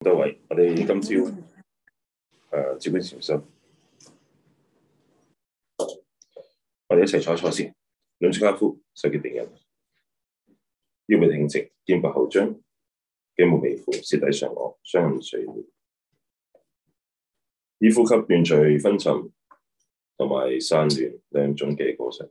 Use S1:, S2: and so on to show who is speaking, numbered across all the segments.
S1: 各位，我哋今朝誒，止觀禪修，我哋一齊坐一坐先。兩足跏趺，手結定印，腰背挺直，肩膊後張，頸部微俯，舌抵上顎，
S2: 雙目垂瞼，以呼吸斷除昏沉，同埋散亂兩種嘅過程。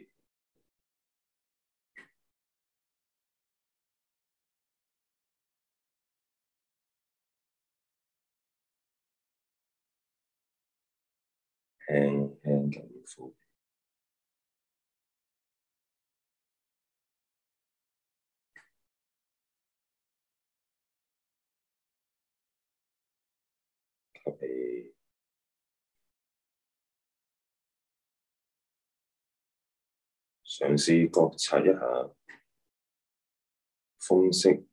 S2: 嗯，嗯，咁樣做，嘅嘗試覺察一下風息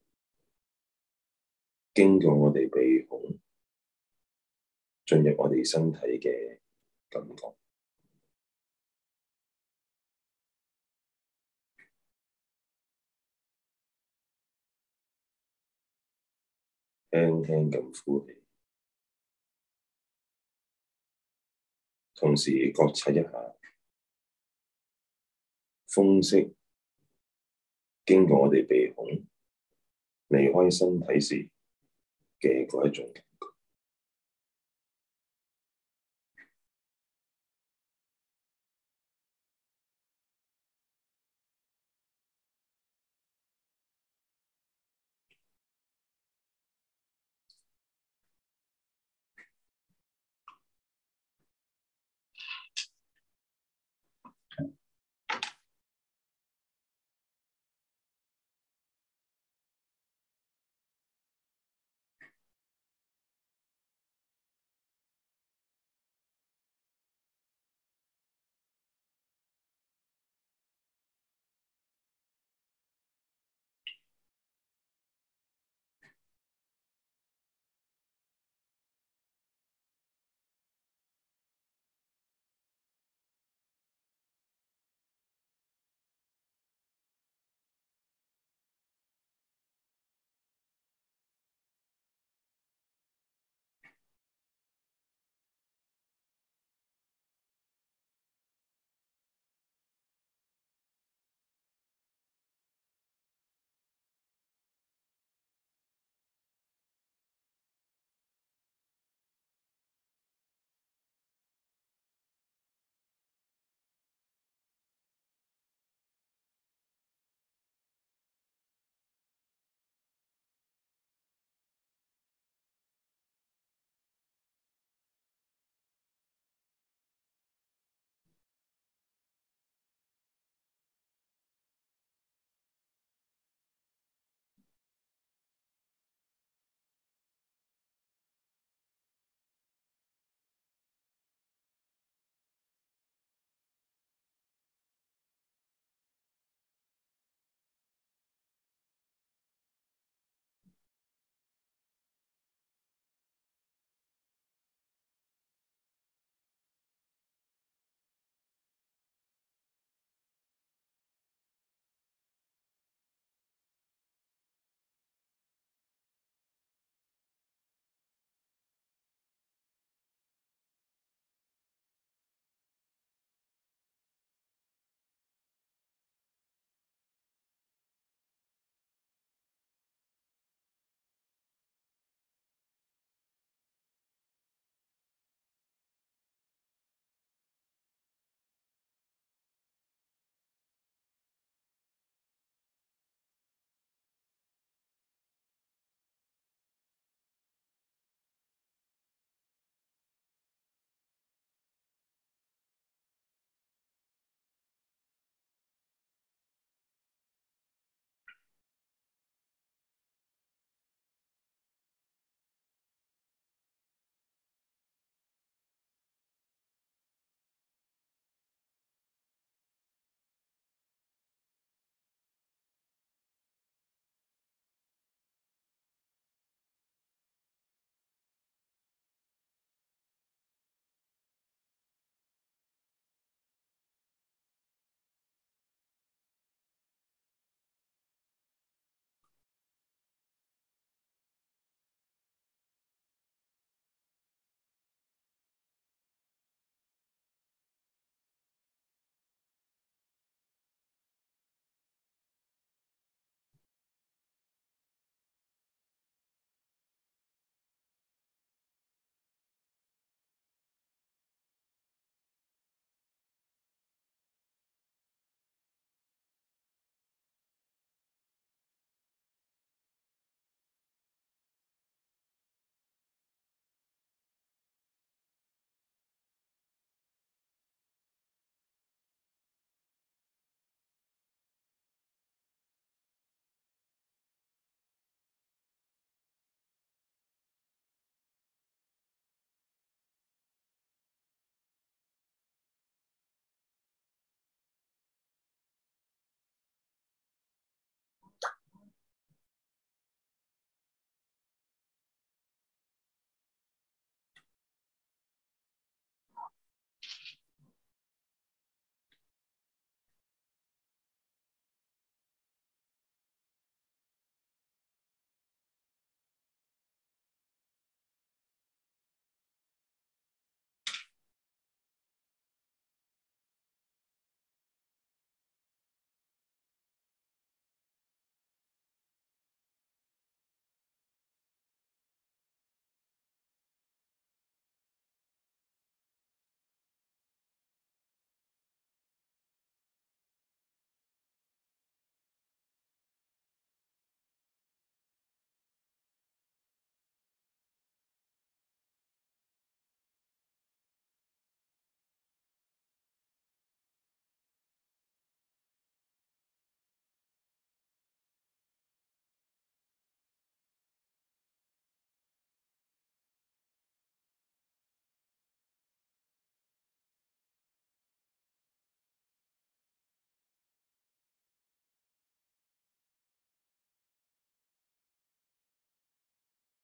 S2: 經過我哋鼻孔，進入我哋身體嘅。感覺，輕輕咁呼氣，同時覺察一下風息經過我哋鼻孔離開身體時嘅嗰一種。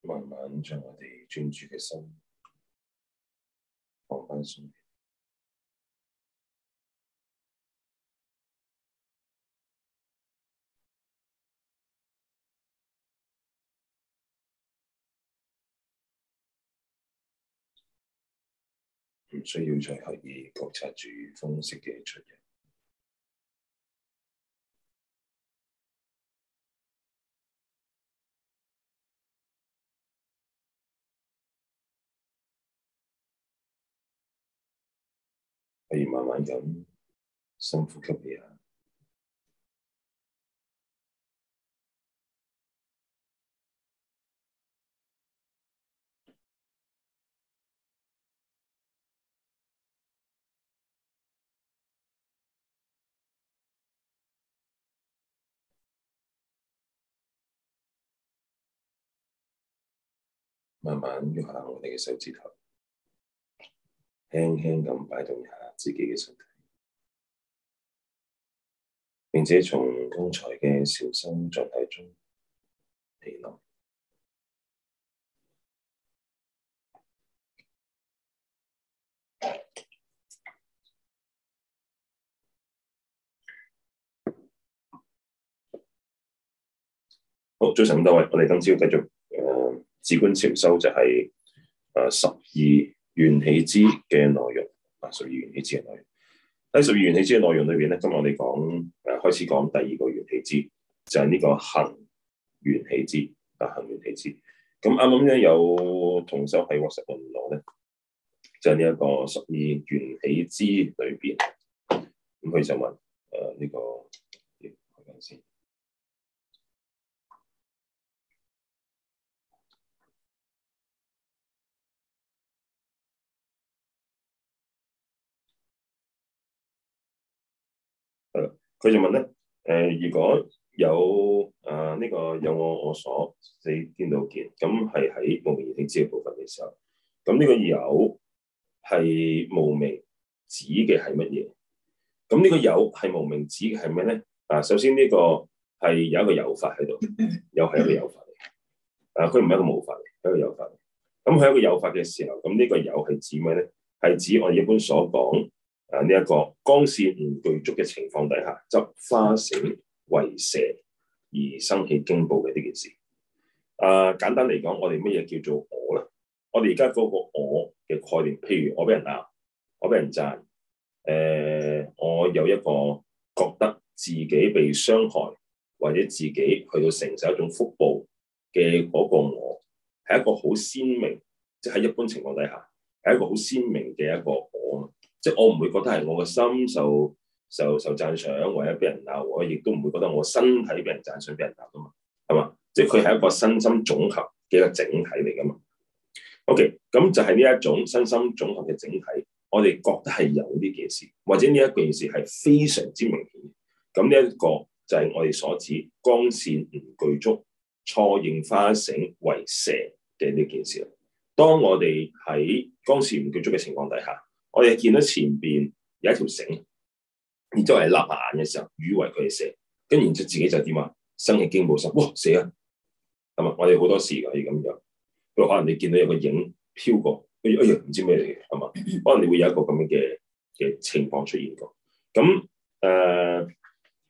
S2: 慢慢將我哋專注嘅心放翻鬆，唔需要再刻意觀察住風息嘅出入。可以慢慢咁深呼吸下，慢慢用下我哋嘅手指頭。輕輕咁擺動一下自己嘅身體，並且從剛才嘅禪修狀態中，起嚟。
S1: 好，早晨，各位，我哋今朝繼續誒，止、呃、觀禪修就係誒十二呃緣起支嘅內容啊，屬於緣起支嘅內容。喺十二緣起支嘅內容裏邊咧，今日我哋講誒，開始講第二個緣起支，就係、是、呢個行緣起支啊，行緣起支。咁啱啱咧有同修喺 WhatsApp 問我咧，就係呢一個十二緣起支裏邊，咁佢就問誒呢、呃這個，等我先。
S2: 佢就問咧，誒、呃、如果
S1: 有啊呢、呃這個有我我所你見到見，咁係喺無明支呢部分嘅時候，咁呢個有係無明支嘅係乜嘢？咁呢個有係無明支嘅係咩咧？啊，首先呢個係有一個有法喺度，有係一個有法嚟嘅，啊佢唔係一個冇法嚟，係一個有法嚟。咁佢一個有法嘅時候，咁呢個有係指咩咧？係指我哋一般所講。啊！呢一個光線唔具足嘅情況底下，執花繩為蛇而生起驚怖嘅呢件事。啊，簡單嚟講，我哋乜嘢叫做我咧？我哋而家嗰個我嘅概念，譬如我俾人鬧，我俾人讚，誒、呃，我有一個覺得自己被傷害，或者自己去到承受一種福報嘅嗰個我，係一個好鮮明，即係一般情況底下係一個好鮮明嘅一個我。即係我唔會覺得係我個心受受受讚賞，或者俾人鬧，我亦都唔會覺得我身體俾人讚賞俾人鬧啊嘛，係嘛？即係佢係一個身心總合嘅一個整體嚟噶嘛。OK，咁就係呢一種身心總合嘅整體，我哋覺得係有呢件事，或者呢一件事係非常之明顯。咁呢一個就係我哋所指光線唔具足，錯認花繩為蛇嘅呢件事啦。當我哋喺光線唔具足嘅情況底下。我哋見到前邊有一條繩，然之後係擸下眼嘅時候，以為佢係蛇，跟住自己就點啊？生起驚驚冇心，哇死啦！咁啊，我哋好多時可以咁樣，因為可能你見到有個影飄過，哎呀唔、哎、知咩嚟嘅，係嘛？可能你會有一個咁樣嘅嘅情況出現過。咁誒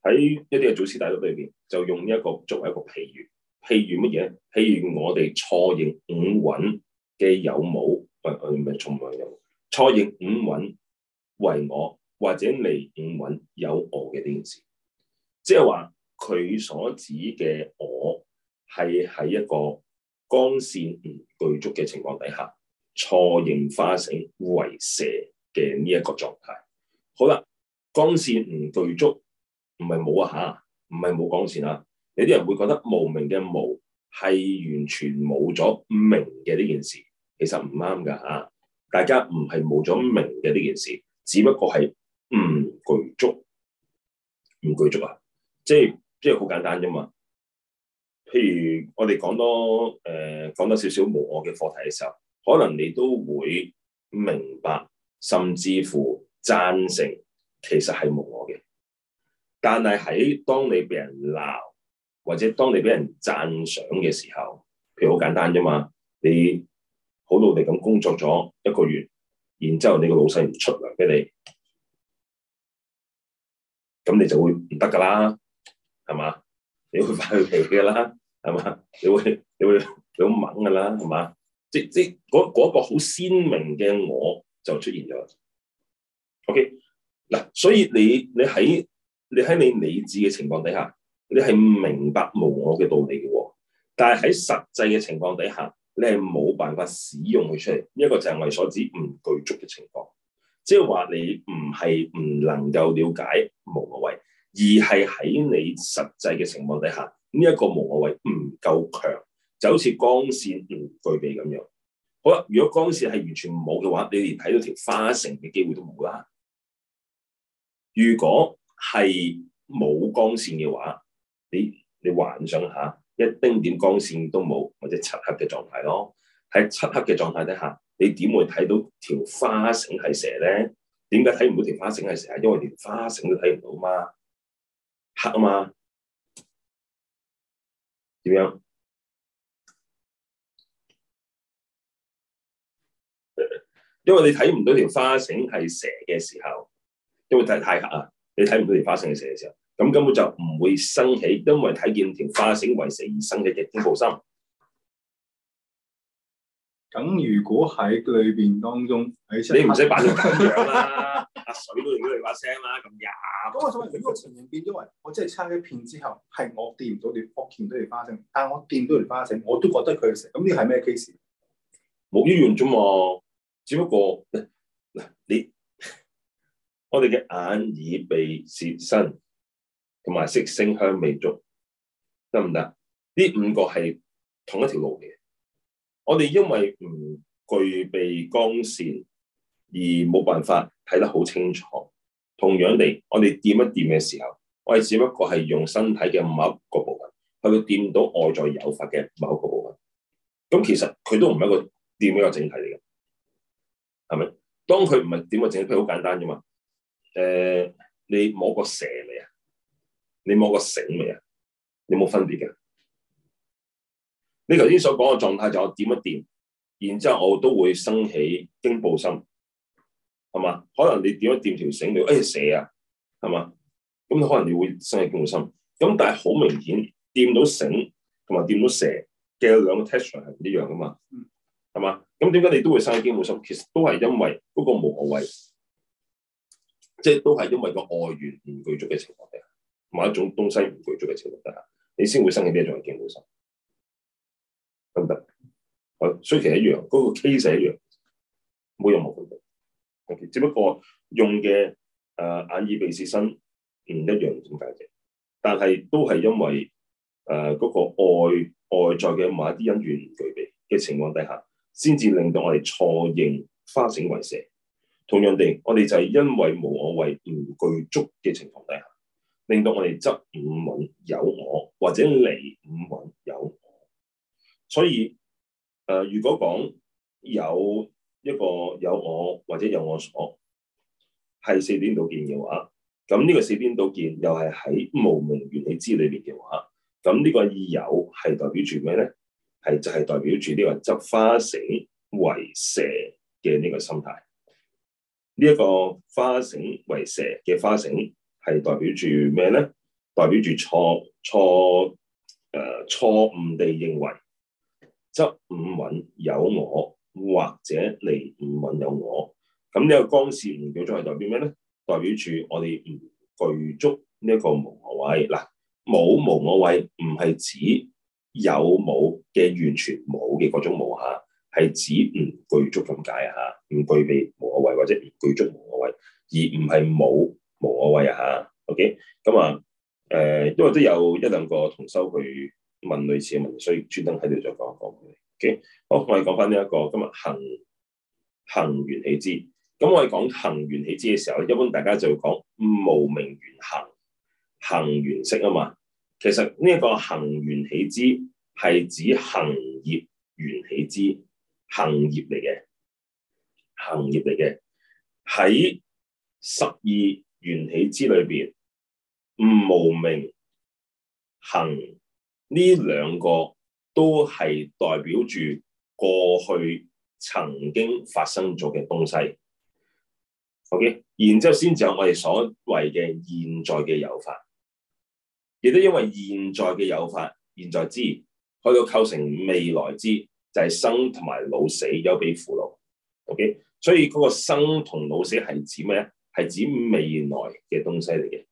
S1: 喺一啲嘅祖師大德裏邊，就用呢一個作為一個譬喻，譬喻乜嘢？譬喻我哋錯認五蘊嘅有冇？唔係唔係從無有。哎哎錯認五蘊為我，或者未五蘊有我嘅呢件事，即係話佢所指嘅我係喺一個光線唔具足嘅情況底下，錯認花繩為蛇嘅呢一個狀態。好啦，光線唔具足，唔係冇啊吓，唔係冇光線啊。有啲人會覺得無明嘅無係完全冇咗明嘅呢件事，其實唔啱噶吓。大家唔係冇咗明嘅呢件事，只不過係唔具足，唔具足啊！即係即係好簡單啫嘛。譬如我哋講多誒講、呃、多少少無我嘅課題嘅時候，可能你都會明白，甚至乎贊成其實係無我嘅。但係喺當你俾人鬧，或者當你俾人讚賞嘅時候，譬如好簡單啫嘛，你。好努力咁工作咗一個月，然之後你個老細唔出糧俾你，
S2: 咁你就會唔得噶啦，係嘛？
S1: 你會發佢脾氣噶啦，係嘛？你會你會好猛噶啦，係嘛？即即嗰嗰，嗰個好鮮明嘅我就出現咗。OK 嗱，所以你你喺你喺你理智嘅情況底下，你係明白無我嘅道理嘅，但係喺實際嘅情況底下。你係冇辦法使用佢出嚟，呢一個就係我哋所指唔具足嘅情況，即係話你唔係唔能夠了解無我慧，而係喺你實際嘅情況底下，呢一個無我慧唔夠強，就好似光線唔具備咁樣。好啦，如果光線係完全冇嘅話，你連睇到條花繩嘅機會都冇啦。如果係冇光線嘅話，你你幻想下。一丁點光線都冇，或者漆黑嘅狀態咯。喺漆黑嘅狀態底下，你點會睇到條花繩係蛇咧？點解睇唔到條花繩係蛇？因為連花繩都睇唔到嘛，黑啊嘛。
S2: 點樣？
S1: 因為你睇唔到條花繩係蛇嘅時候，因為太太黑啊，你睇唔到條花繩係蛇嘅時候。咁根本就唔會生起，
S3: 因為睇見條花繩為死而生嘅極端暴心。咁如果喺裡面當中，你唔使扮到咁樣啦，阿、 啊、水都用咗你把聲啦，咁呀，咁我想問，如果情形變咗為我真係差一片之後，係我掂唔到你，我見到條花繩，但我掂到條花繩，我都覺得佢係食。咁呢係咩 case？冇依樣啫嘛，只不過嗱你，
S1: 我哋嘅眼耳鼻舌身。同埋色聲香味足得唔得？呢五個係同一條路嘅。我哋因為唔具備光線，而冇辦法睇得好清楚。同樣地，我哋掂一掂嘅時候，我哋只不過係用身體嘅某一個部分去掂到外在誘發嘅某一個部分。咁其實佢都唔係一個掂一個整體嚟嘅，係咪？當佢唔係掂個整體，好簡單啫嘛。誒、呃，你摸個蛇嚟啊！你摸個繩未啊？有冇分別嘅？你頭先所講嘅狀態就我點一掂，然之後我都會生起驚怖心，係嘛？可能你點一掂條繩你，哎蛇啊，係嘛？咁可能你會生起驚怖心。咁但係好明顯，掂到繩同埋掂到蛇嘅兩個 texture 係唔一樣噶嘛？係嘛？咁點解你都會生起驚怖心？其實都係因為嗰個無我位，即係都係因為個外緣唔具足嘅情況。某一種東西唔具足嘅情況底下，你先會生起呢一種嘅競爭
S2: 心，得唔得？啊，雖
S1: 其一樣，嗰、那個 case 一樣，冇任何用冇分別 OK，只不過用嘅誒、呃、眼耳鼻舌身唔一樣點解啫，但係都係因為誒嗰、呃那個外外在嘅某一啲因緣唔具備嘅情況底下，先至令到我哋錯認花繩為蛇。同樣地，我哋就係因為無我為唔具足嘅情況底下。令到我哋執五蘊有我或者離五蘊有我，所以誒、呃，如果講有一個有我或者有我所係四邊倒見嘅話，咁呢個四邊倒見又係喺無明緣起之裏邊嘅話，咁呢個有係代表住咩咧？係就係代表住呢個執花繩為蛇嘅呢個心態。呢、這、一個花繩為蛇嘅花繩。係代表住咩咧？代表住錯錯誒錯誤地認為執五蘊有我，或者離五蘊有我。咁呢個光線唔叫作係代表咩咧？代表住我哋唔具足呢一個無我位。嗱，冇無我位唔係指有冇嘅完全冇嘅嗰種無下，係指唔具足咁解嚇，唔具備無我位或者唔具足無我位，而唔係冇。冇我位啊嚇，OK，咁啊，誒、okay? 嗯，因為都有一兩個同修去問類似嘅問題，所以專登喺度再講一講佢。OK，好，我哋講翻呢一個，今日行行緣起支，咁、嗯、我哋講行緣起支嘅時候，一般大家就會講無明緣行，行緣識啊嘛。其實呢一個行緣起支係指行業緣起支，行業嚟嘅，行業嚟嘅喺十二緣起之裏邊，無明行呢兩個都係代表住過去曾經發生咗嘅東西。O、okay? K，然之後先至有我哋所謂嘅現在嘅有法，亦都因為現在嘅有法，現在之去到構成未來之就係、是、生同埋老死、憂悲苦惱。O、okay? K，所以嗰個生同老死係指咩？係指未來嘅東西嚟嘅。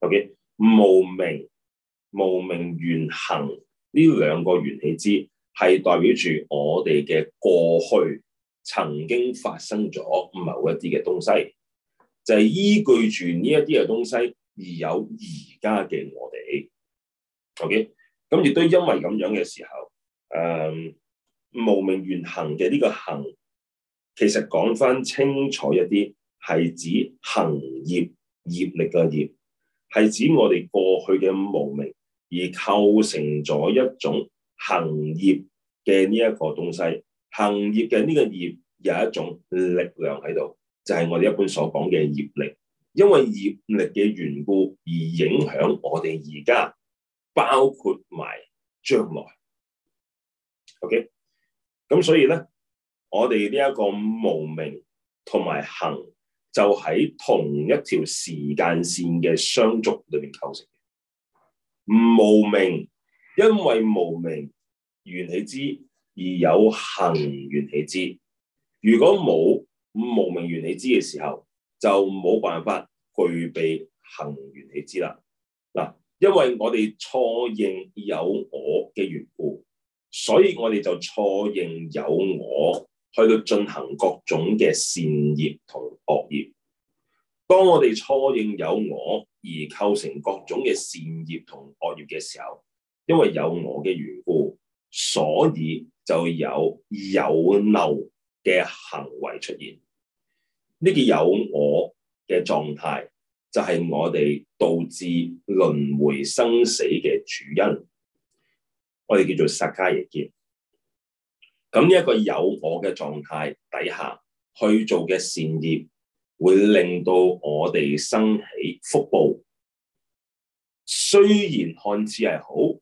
S1: O.K. 無明、無明緣行呢兩個緣起支係代表住我哋嘅過去曾經發生咗某一啲嘅東西，就係、是、依據住呢一啲嘅東西而有而家嘅我哋。O.K. 咁亦都因為咁樣嘅時候，誒、嗯無明緣行嘅呢個行，其實講翻清楚一啲。係指行業業力嘅業，係指我哋過去嘅無明，而構成咗一種行業嘅呢一個東西，行業嘅呢個業有一種力量喺度，就係我哋一般所講嘅業力，因為業力嘅緣故而影響我哋而家，包括埋將來。OK，咁所以咧，我哋呢一個無明同埋行。就喺同一條時間線嘅相續裏邊構成嘅。無明，因為無明，緣起支而有行緣起支。如果冇無明緣起支嘅時候，就冇辦法具備行緣起支啦。嗱，因為我哋錯認有我嘅緣故，所以我哋就錯認有我。去到進行各種嘅善業同惡業，當我哋初應有我而構成各種嘅善業同惡業嘅時候，因為有我嘅緣故，所以就有有漏嘅行為出現。呢個有我嘅狀態，就係、是、我哋導致輪迴生死嘅主因。我哋叫做薩迦耶結。咁一個有我嘅狀態底下去做嘅善業，會令到我哋生起福報，雖然看似係好，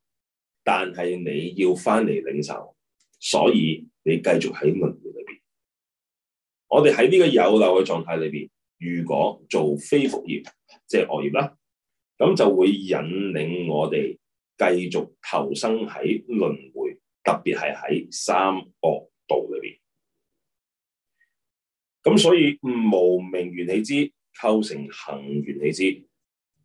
S1: 但係你要翻嚟領受，所以你繼續喺輪迴裏邊。我哋喺呢個有漏嘅狀態裏邊，如果做非福業，即係惡業啦，咁就會引領我哋繼續投生喺輪迴。特別係喺三惡道裏邊，咁所以無明緣起支構成行緣起支，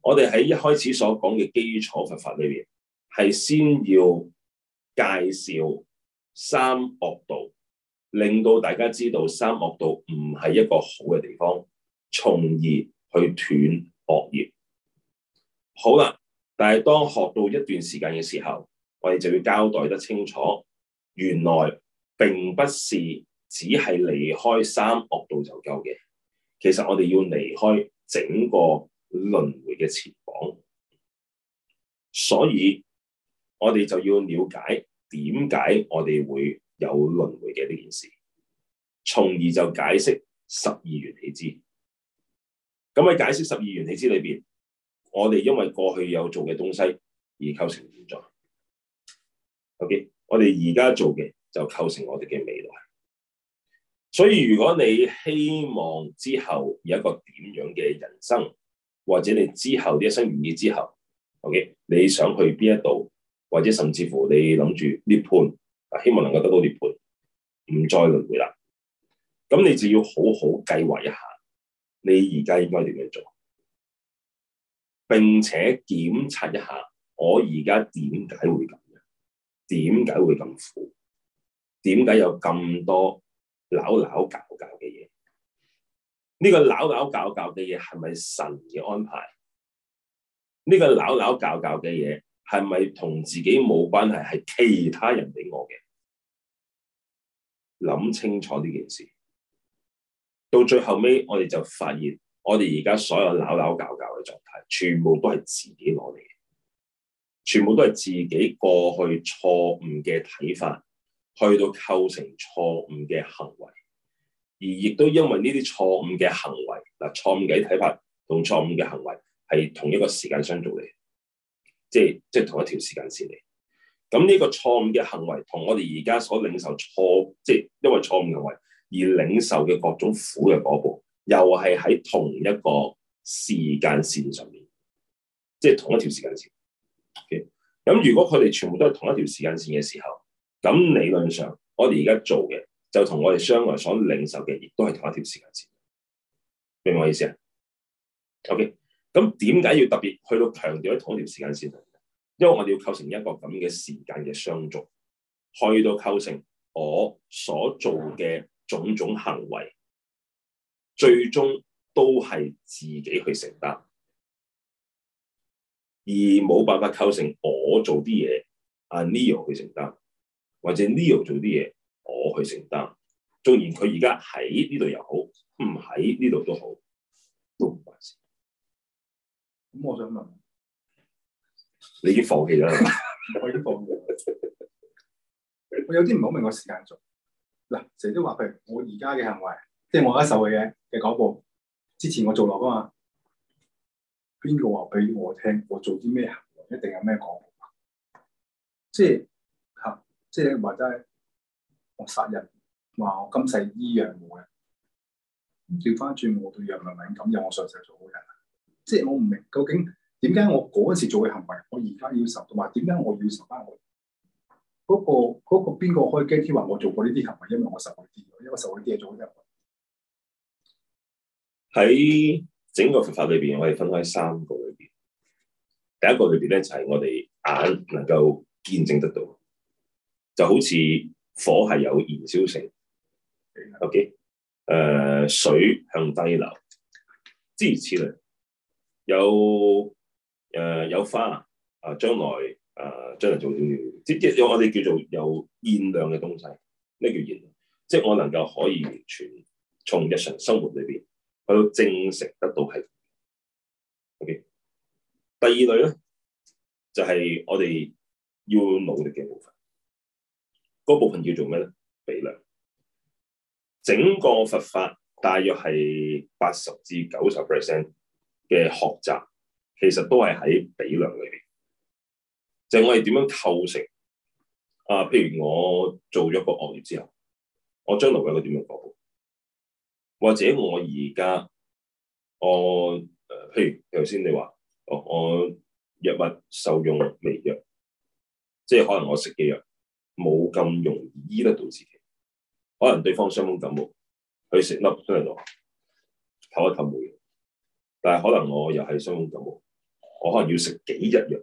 S1: 我哋喺一開始所講嘅基礎佛法裏邊，係先要介紹三惡道，令到大家知道三惡道唔係一個好嘅地方，從而去斷惡業。好啦，但係當學到一段時間嘅時候，我哋就要交代得清楚，原來並不是只係離開三惡道就夠嘅，其實我哋要離開整個輪迴嘅纏綁，所以我哋就要了解點解我哋會有輪迴嘅呢件事，從而就解釋十二緣起支。咁喺解釋十二緣起支裏邊，我哋因為過去有做嘅東西而構成現狀。Okay. 我哋而家做嘅就構成我哋嘅未來。所以，如果你希望之後有一個點樣嘅人生，或者你之後呢一生完結之後，OK，你想去邊一度，或者甚至乎你諗住涅槃，啊，希望能夠得到涅槃，唔再輪迴啦。咁你就要好好計劃一下，你而家應該點樣做，並且檢查一下我而家點解會咁。點解會咁苦？點解有咁多扭扭搞搞嘅嘢？呢個扭扭搞搞嘅嘢係咪神嘅安排？呢個扭扭搞搞嘅嘢係咪同自己冇關係？係其他人俾我嘅？諗清楚呢件事，到最後尾我哋就發現，我哋而家所有扭扭搞搞嘅狀態，全部都係自己攞嚟。全部都係自己過去錯誤嘅睇法，去到構成錯誤嘅行為，而亦都因為呢啲錯誤嘅行為，嗱，錯誤嘅睇法同錯誤嘅行為係同一個時間相對嚟，即係即係同一條時間線嚟。咁呢個錯誤嘅行為同我哋而家所領受錯，即係因為錯誤行為而領受嘅各種苦嘅嗰步，又係喺同一個時間線上面，即係同一條時間線。咁、okay. 如果佢哋全部都係同一條時間線嘅時候，咁理論上我哋而家做嘅就同我哋將來所領受嘅，亦都係同一條時間線。明唔明我意思啊？OK，咁點解要特別去到強調喺同一條時間線咧？因為我哋要構成一個咁嘅時間嘅相續，去到構成我所做嘅種種行為，最終都係自己去承擔。而冇辦法構成我做啲嘢，阿 Leo 去承擔，或者 Leo 做啲嘢，我去承擔。縱然佢而家喺呢度又好，唔喺呢度都好，都唔
S3: 關事。咁、嗯、我想問你，
S2: 你已經放棄咗啦？我已
S3: 經放棄。 我有啲唔好明我間，我時間做嗱，成日都話譬如我而家嘅行為，即、就、係、是、我一手嘅嘢嘅嗰一步，之前我做落噶嘛。邊個話俾我聽？我做啲咩行為一定有咩講法？即係嚇，即係話真係，我殺人話我今世依樣冇嘅。調翻轉，我對人唔敏感，有我上世做好人。即係我唔明，究竟點解我嗰時做嘅行為，我而家要受同埋？點解我要受翻我嗰個嗰個，邊個開驚話我做過呢啲行為，因為我受過啲，因為我受過啲嘢做咗一去。
S1: 喺、hey. 整個佛法裏邊，我哋分開三個類別。第一個類別咧就係、是、我哋眼能夠見證得到，就好似火係有燃燒性。OK，誒，水向低流，諸如此類。有誒、呃、有花啊，將來誒、啊、將來做啲，點即係我哋叫做有現量嘅東西，咩叫現量？即係我能夠可以完全從日常生活裏邊。去到正成得到係，O.K. 第二類咧，就係、是、我哋要努力嘅部分。嗰部分叫做咩咧？比量。整個佛法大約係八十至九十 percent 嘅學習，其實都係喺比量裏邊。就係、我哋點樣構成？啊，譬如我做咗個惡業之後，我將來會有個點樣回報？或者我而家我誒，譬如頭先你話，哦，我藥物受用微弱，即係可能我食嘅藥冇咁容易醫得到自己。可能對方傷風感冒，佢食粒西藥，唞一唞冇嘢。但係可能我又係傷風感冒，我可能要食幾日藥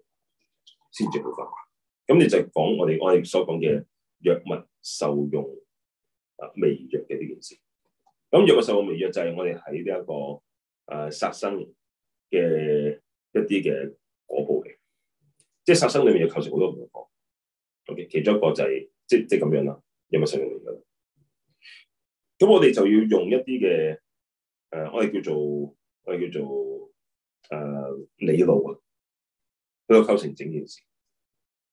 S1: 先至好翻。咁你就講我哋我哋所講嘅藥物受用啊，微弱嘅呢件事。咁若果受用微藥就係、是、我哋喺呢一個誒殺生嘅一啲嘅果報嘅，即係殺生裏面又構成好多唔同嘅嘢。OK，其中一個就係、是、即即咁、就是、樣啦，有冇受用嚟噶？咁我哋就要用一啲嘅誒，我哋叫做我哋叫做誒、呃、理路啊，去構成整件事。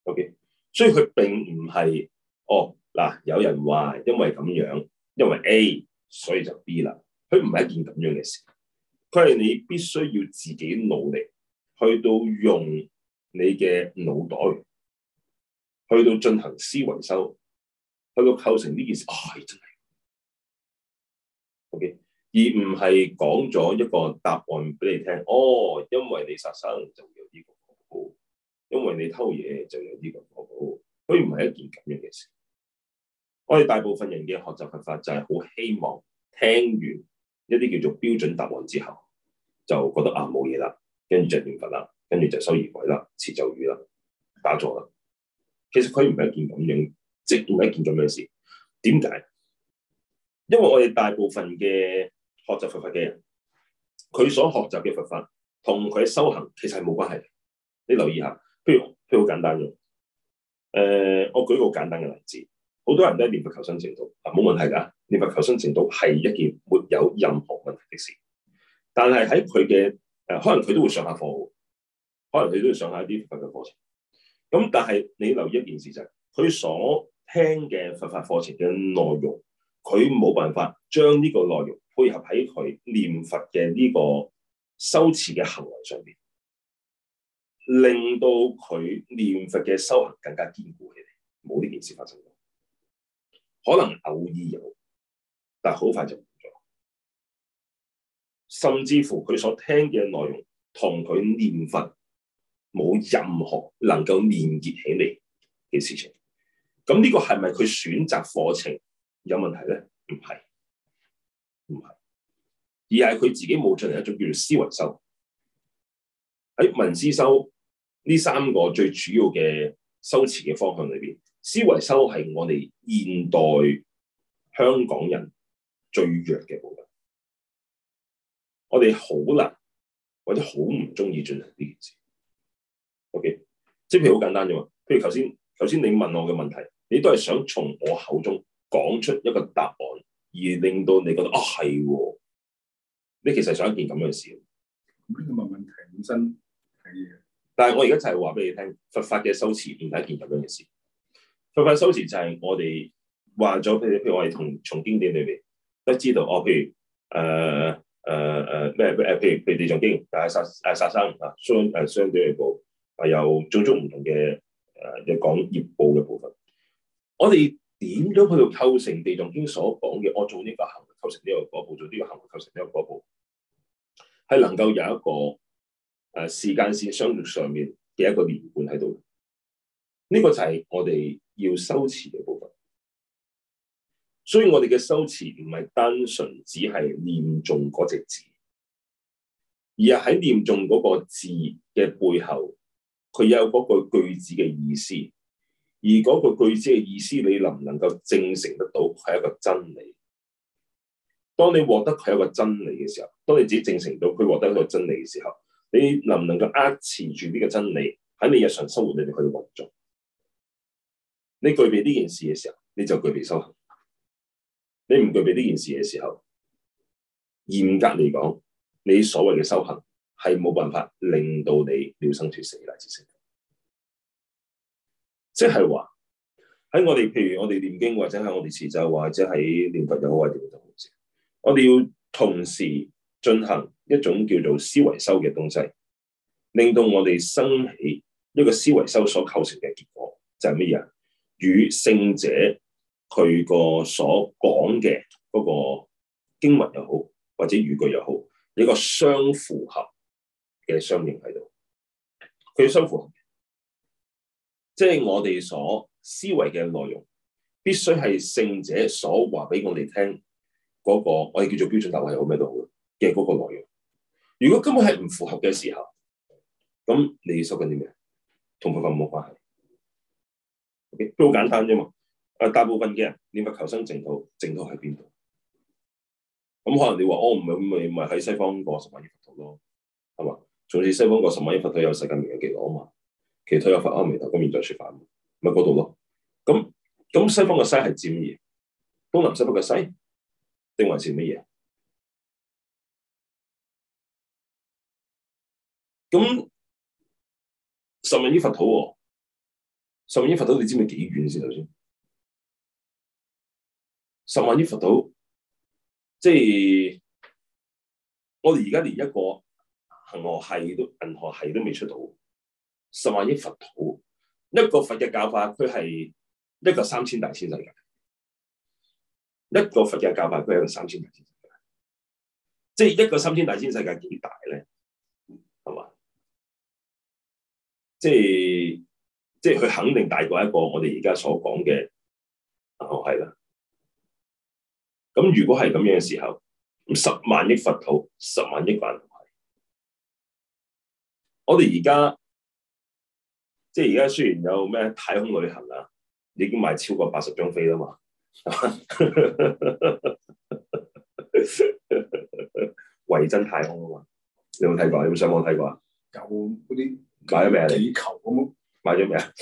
S1: OK，所以佢並唔係哦嗱、呃，有人話因為咁樣，因為 A。所以就 B 啦，佢唔係一件咁樣嘅事，佢係你必須要自己努力，去到用你嘅腦袋，去到進行思維修，去到構成呢件事，係、哦、真係。OK，而唔係講咗一個答案俾你聽，哦，因為你殺生就有呢個果報，因為你偷嘢，就有呢個果報，佢唔係一件咁樣嘅事。我哋大部分人嘅學習佛法就係好希望聽完一啲叫做標準答案之後，就覺得啊冇嘢啦，跟住就念佛啦，跟住就修儀軌啦、持咒語啦、打坐啦。其實佢唔係一件咁樣，即唔係一件咁嘅事。點解？因為我哋大部分嘅學習佛法嘅人，佢所學習嘅佛法同佢修行其實係冇關係。你留意下，譬如譬如好簡單嘅，誒、呃，我舉個好簡單嘅例子。好多人都係念佛求生淨土，啊冇問題㗎！念佛求生淨土係一件沒有任何問題的事。但係喺佢嘅誒，可能佢都會上下課，可能佢都要上下一啲佛法課程。咁但係你留意一件事就係、是，佢所聽嘅佛法課程嘅內容，佢冇辦法將呢個內容配合喺佢念佛嘅呢個修持嘅行為上邊，令到佢念佛嘅修行更加堅固起嚟。冇呢件事發生。可能偶爾有，
S2: 但係好快就冇咗。甚至乎佢所
S1: 聽嘅內容同佢念佛冇任何能夠連結起嚟嘅事情。咁呢個係咪佢選擇課程有問題咧？唔係，唔係，而係佢自己冇進行一種叫做思維修喺文思修呢三個最主要嘅修詞嘅方向裏邊。思維修係我哋現代香港人最弱嘅部分，我哋好難或者好唔中意進行呢件事。OK，即係譬如好簡單啫嘛。譬如頭先頭先你問我嘅問題，你都係想從我口中講出一個答案，而令到你覺得啊係、哦，你其實想一件咁樣嘅事。咁呢
S3: 個問問題本身係
S1: 嘅，但係我而家就係話俾你聽，佛法嘅修持唔係一件咁樣嘅事。部分收時就係我哋話咗，譬如、呃啊、譬如我哋同從經典裏邊都知道，我譬如誒誒誒咩咩譬如譬如地藏經，誒殺誒殺生啊，相誒相對而報，係有種種唔同嘅誒嘅講業報嘅部分。我哋點樣去到構成地藏經所講嘅，我做呢個行為構成呢個嗰步，做呢個行為構成呢個嗰步，係能夠有一個誒、呃、時間線相對上面嘅一個連貫喺度。呢個就係我哋要修辭嘅部分，所以我哋嘅修辭唔係單純只係念中嗰隻字，而係喺念中嗰個字嘅背後，佢有嗰個句，句子嘅意思。而嗰個句，句子嘅意思，你能唔能夠證成得到佢係一個真理？當你獲得佢係一個真理嘅時候，當你自己證成到佢獲得一個真理嘅時候，你能唔能夠扼持住呢個真理喺你日常生活裏邊去運作？你具備呢件事嘅時候，你就具備修行；你唔具備呢件事嘅時候，嚴格嚟講，你所謂嘅修行係冇辦法令到你了生脱死。乃至成，即係話喺我哋譬如我哋念經，或者喺我哋持咒，或者喺念佛又好，或者念咒又好，我哋要同時進行一種叫做思維修嘅東西，令到我哋生起一個思維修所構成嘅結果就係乜嘢？與聖者佢個所講嘅嗰個經文又好，或者語句又好，一個相符合嘅相應喺度。佢要相符合，即係我哋所思維嘅內容，必須係聖者所話俾我哋聽嗰個，我哋叫做標準答案，係好咩都好嘅嗰個內容。如果根本係唔符合嘅時候，咁你收緊啲咩？同佢個冇關係。都好簡單啫嘛，啊大部分嘅，人你咪求生淨土，淨土喺邊度？咁、嗯、可能你話，我唔係唔係喺西方過十萬億佛土咯，係嘛？從是西方過十萬億佛土有世界名曰極樂啊嘛，其他有佛阿彌陀面，咁現在說法，咪嗰度咯。咁、嗯、咁、嗯、西方嘅西係占二，東南西北嘅
S2: 西定還是乜嘢？咁、嗯、十萬億佛土喎、啊。十萬億佛土，你知唔知幾遠先頭先？十萬億
S1: 佛土，即係我哋而家連一個恒河系都銀河系都未出到。十萬億佛土，一個佛嘅教法，佢係一個三千大千世界。一個佛嘅教法，佢係一個三千大千世界。即係一個三千大千世界幾大咧？
S2: 係嘛？即係。即係佢
S1: 肯定大過一個我哋而家所講嘅，哦係啦。咁如果係咁樣嘅時候，咁十萬億佛土，十萬億萬人。我哋而家，即係而家雖然有咩太空旅行啊，已經賣超過八十張飛啦嘛，係維珍太空啊嘛，你有冇睇過？有冇上網睇過
S3: 啊？有嗰啲
S1: 買咗咩嚟？地你球咁。買咗咩啊？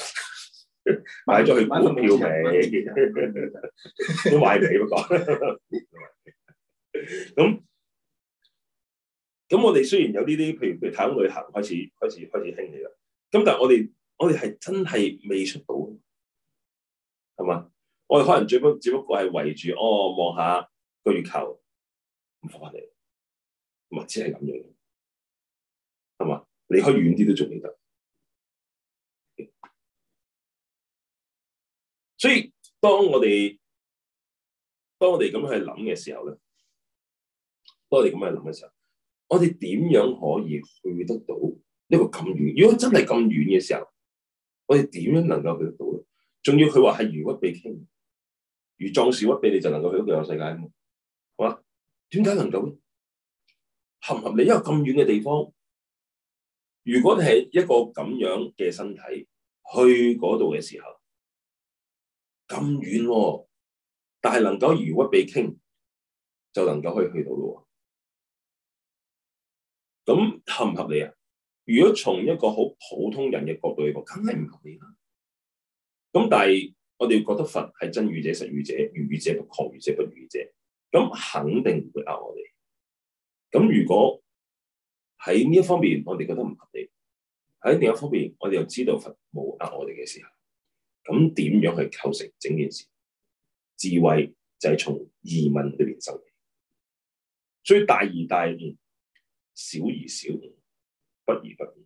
S1: 買咗去買張票未？ 都買未？不過咁咁，我哋雖然有呢啲，譬如譬如太空旅行開始開始開始興起啦。咁但係我哋我哋係真係未出到，係嘛？我哋可能最不只不過係圍住哦，
S2: 望下個月球，唔翻嚟，唔係係咁樣，係嘛？離開遠啲都仲記得。所以，當我哋當我哋
S1: 咁樣去諗嘅時候咧，當我哋咁樣去諗嘅時、時候，我哋點樣可以去得到呢個咁遠？如果真係咁遠嘅時候，我哋點樣能夠去得到咧？仲要佢話係如屈臂傾，如壯士屈臂，你就能夠去到佢個世界。好啦，點解能夠咧？合唔合理？因為咁遠嘅地方，如果你係一個咁樣嘅身體去
S2: 嗰度嘅時候。咁遠、啊，但係能夠如屈臂頃，就能夠可以去到咯。咁
S1: 合唔合理啊？如果從一個好普通人嘅角度嚟講，梗係唔合理啦、啊。咁但係我哋覺得佛係真語者，者、實語者，者，者、如語者、不誑語者、不異語者，咁肯定唔會呃我哋。咁如果喺呢一方面我哋覺得唔合理，喺另一方面我哋又知道佛冇呃我哋嘅時候。咁點樣去構成整件事？智慧就係從疑問裏邊生起。所以大疑大悟，小疑
S2: 小悟，不疑不悟。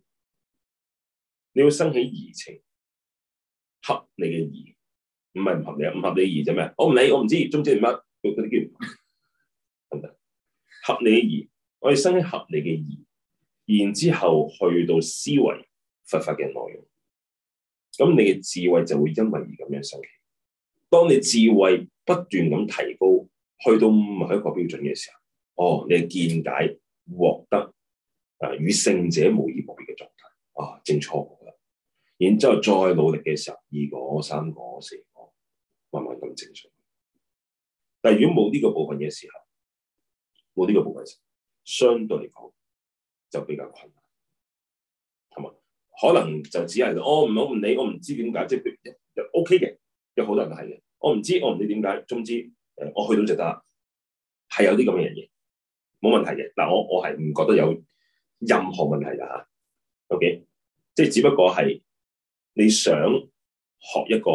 S2: 你要生起疑情，
S1: 合，不不合理嘅疑，唔係唔合理，唔合理疑就咩？我唔理，我唔知，總之係乜？嗰嗰啲叫唔得。 合理嘅疑，我哋生起合理嘅疑，然之後去到思維佛法嘅內容。咁你嘅智慧就會因為而咁樣生起。當你智慧不斷咁提高，去到某一個標準嘅時候，哦，你嘅見解獲得啊與勝者無異無別嘅狀態啊，證初果啦。然之後再努力嘅時候，二果、三果、四果，慢慢咁正常。但係如果冇呢個部分嘅時候，冇呢個部分嘅時候，相對嚟講就比較困難。可能就只係我唔好唔理，我唔知點解，即係 O K 嘅，有好多人係嘅。我唔知，我唔知點解，總之誒、呃，我去到就得，係有啲咁嘅嘢，冇問題嘅。嗱，我我係唔覺得有任何問題㗎嚇。O K，即係只不過係你想學一個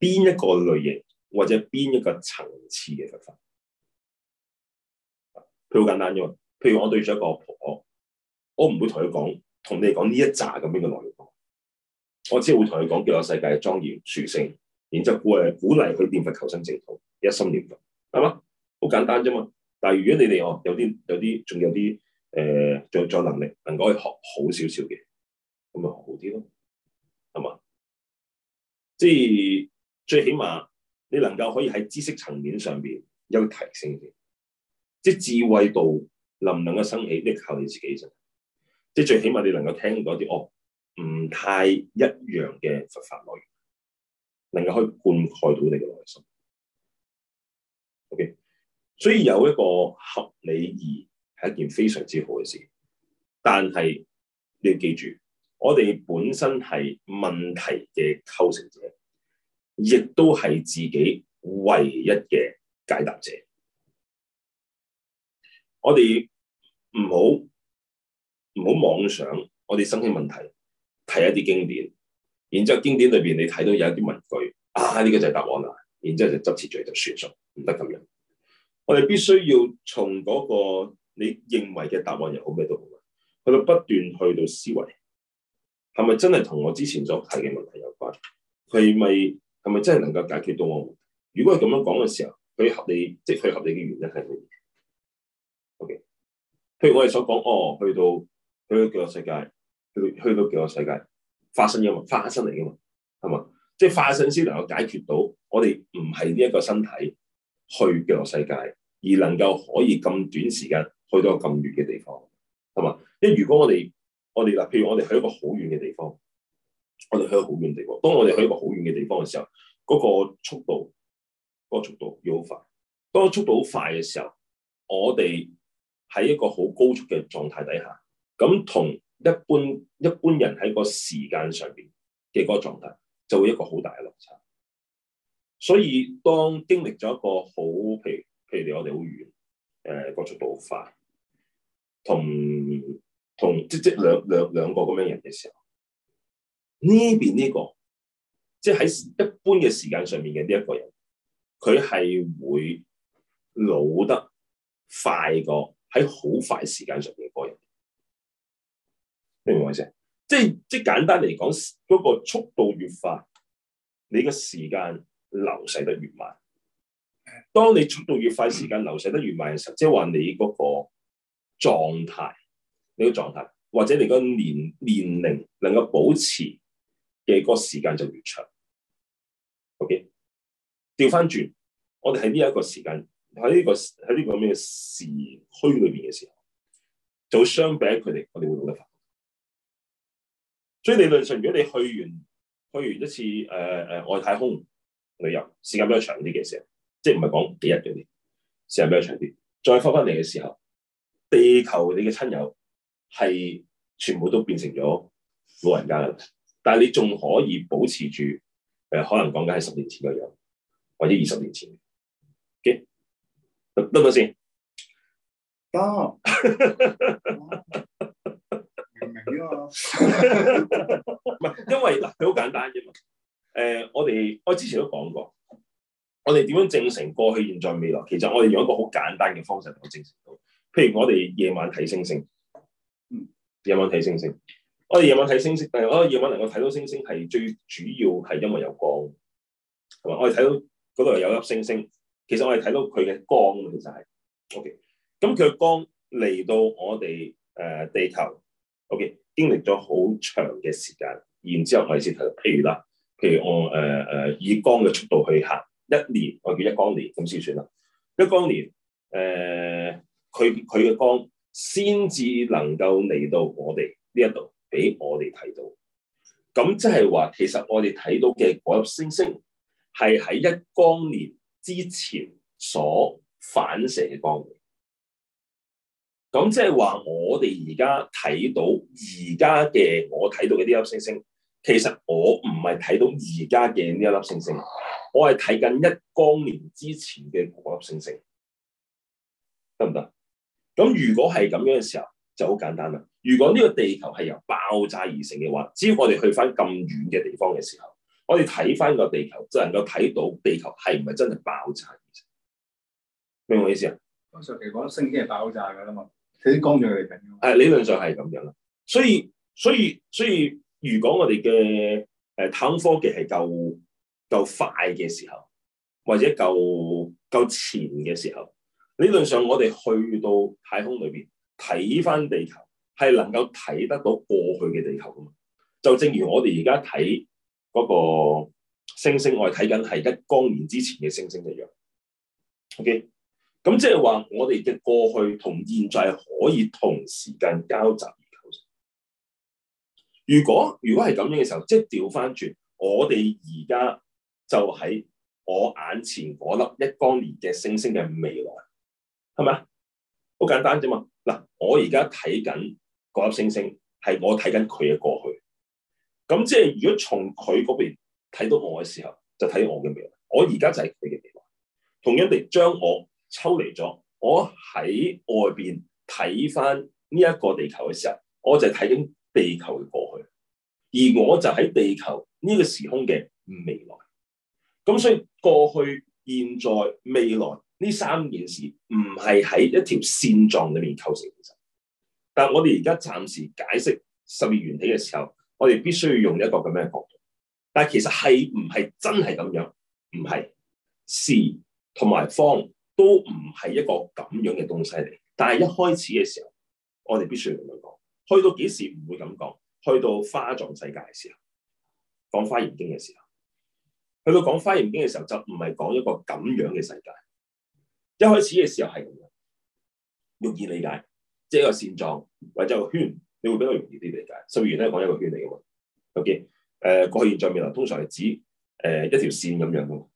S1: 邊一個類型或者邊一個層次嘅佛法。佢好簡單啫嘛，譬如我對住一個婆婆，我唔會同佢講。同你講呢一紮咁樣嘅內容，我只會同佢講極樂世界嘅莊嚴殊勝，然之後誒，鼓勵佢念佛求生淨土，一心念佛，係嘛？好簡單啫嘛。但係如果你哋，哦，有啲有啲仲有啲誒，在在能力能夠去學好少少嘅，咁咪學好啲咯，係嘛？即係最起碼你能夠可以喺知識層面上邊有提升先，即係智慧度能唔能夠生起，呢靠你自己即係最起碼你能夠聽到一啲哦唔太一樣嘅佛法
S2: 內容，能夠可以灌溉到你嘅內心。OK，
S1: 所以有一個合理義係一件非常之好嘅事，但係你要記住，我哋本身係問題嘅構成者，亦都係自己唯一嘅解答
S2: 者。我哋唔好。
S1: 唔好妄想，我哋分析問題提一啲經典，然之後經典裏邊你睇到有一啲文句，啊呢個就係答案啦，然之後就執持住就算數，唔得咁樣。我哋必須要從嗰個你認為嘅答案又好咩都好，去到不斷去到思維，係咪真係同我之前所提嘅問題有關？係咪係咪真係能夠解決到我？如果係咁樣講嘅時候，佢合理即係合理嘅原因係咩？OK，譬如我哋所講，哦去到。去到極樂世界，去去到極樂世界，化生嘅嘛，化生嚟嘅嘛，係嘛？即係化生先能夠解決到我哋唔係呢一個身體去極樂世界，而能夠可以咁短時間去到咁遠嘅地方，係嘛？因為如果我哋我哋嗱，譬如我哋去一個好遠嘅地方，我哋去一好遠地方。當我哋去一個好遠嘅地方嘅時候，嗰個速度，嗰個速度要好快。當速度好快嘅時候，我哋喺一個好高速嘅狀態底下。咁同一般一般人喺個時間上邊嘅嗰個狀態，就會一個好大嘅落差。所以當經歷咗一個好，譬如譬如離我哋好遠，誒、呃，嗰速度好快，同同即即兩兩兩個咁樣的人嘅時候，呢邊呢、呢個，即喺一般嘅時間上面嘅呢一個人，佢係會老得快過喺好快時間上面嘅嗰個人。明唔明我意思？即係即係簡單嚟講，嗰個速度越快，你個時間流逝得越慢。當你速度越快，時間流逝得越慢嘅時候，即係話你嗰個狀態，你個狀態，或者你個年年齡能夠保持嘅個時間就越長。OK，調翻轉，我哋喺呢一個時間喺呢個喺呢個咩時區裏面嘅時候，就會相比佢哋，我哋會老得快。所以理論上，如果你去完去完一次誒誒、呃呃、外太空旅遊，時間比較長啲嘅時候，即係唔係講幾日嗰啲時間比較長啲，再翻返嚟嘅時候，地球你嘅親友係全部都變成咗老人家啦，但係你仲可以保持住誒、呃，可能講緊係十年前嘅樣，或者二十年前嘅，嘅得唔得先？得。
S3: 唔係， 因為嗱，佢好簡單啫嘛。
S1: 誒、呃，我哋我之前都講過，我哋點樣證成過去、現在,在、未來？其實我哋用一個好簡單嘅方式嚟到證成到。譬如我哋夜晚睇星星，嗯，夜晚睇星星，我哋夜晚睇星星，但係我夜晚能夠睇到星星，係最主要係因為有光，同埋我哋睇到嗰度有粒星星。其實我哋睇到佢嘅光其實係。O K，咁佢嘅光嚟到我哋誒、呃、地球。O K。經歷咗好長嘅時間，然之後我哋先睇，譬如啦，譬如我誒誒、呃、以光嘅速度去行一年，我叫一光年咁先算啦。一光年誒，佢佢嘅光先至能夠嚟到我哋呢一度俾我哋睇到。咁即係話，其實我哋睇到嘅嗰粒星星，係喺一光年之前所反射嘅光。咁即係話，我哋而家睇到而家嘅我睇到嘅呢粒星星，其實我唔係睇到而家嘅呢一粒星星，我係睇緊一光年之前嘅嗰粒星星，得唔得？咁如果係咁樣嘅時候，就好簡單啦。如果呢個地球係由爆炸而成嘅話，只要我哋去翻咁遠嘅地方嘅時候，我哋睇翻個地球就能夠睇到地球係唔係真係爆炸而成。明我意思啊？我上期
S3: 講星星係爆炸噶啦嘛。佢啲光弱嚟緊
S1: 嘅，係 理論上係咁樣啦。所以，所以，所以，如果我哋嘅誒探科技係夠夠快嘅時候，或者夠夠前嘅時候，理論上我哋去到太空裏邊睇返地球，係能夠睇得到過去嘅地球㗎嘛？就正如我哋而家睇嗰個星星，我哋睇緊係一光年之前嘅星星一樣。OK。咁即係話，我哋嘅過去同現在可以同時間交集而構成。如果如果係咁樣嘅時候，即係調翻轉，我哋而家就喺我眼前嗰粒一光年嘅星星嘅未來，係咪啊？好簡單啫嘛。嗱，我而家睇緊嗰粒星星，係我睇緊佢嘅過去。咁即係如果從佢嗰邊睇到我嘅時候，就睇我嘅未來。我而家就係佢嘅未來。同樣地，將我。抽離咗，我喺外邊睇翻呢一個地球嘅時候，我就睇緊地球嘅過去，而我就喺地球呢個時空嘅未來。咁所以過去、現在、未來呢三件事唔係喺一條線狀裏面構成嘅。其實。但係我哋而家暫時解釋十二緣起嘅時候，我哋必須要用一個咁樣嘅角度。但係其實係唔係真係咁樣？唔係，時同埋方。都唔係一個咁樣嘅東西嚟，但係一開始嘅時候，我哋必須要同佢講，去到幾時唔會咁講，去到華嚴世界嘅時候，講華嚴經嘅時候，去到講華嚴經嘅時候就唔係講一個咁樣嘅世界。一開始嘅時候係咁樣，容易理解，即係一個線狀或者一個圈，你會比較容易啲理解。素元咧講一個圈嚟嘅嘛。OK 誒過去現在未來通常係指誒、呃、一條線咁樣嘅。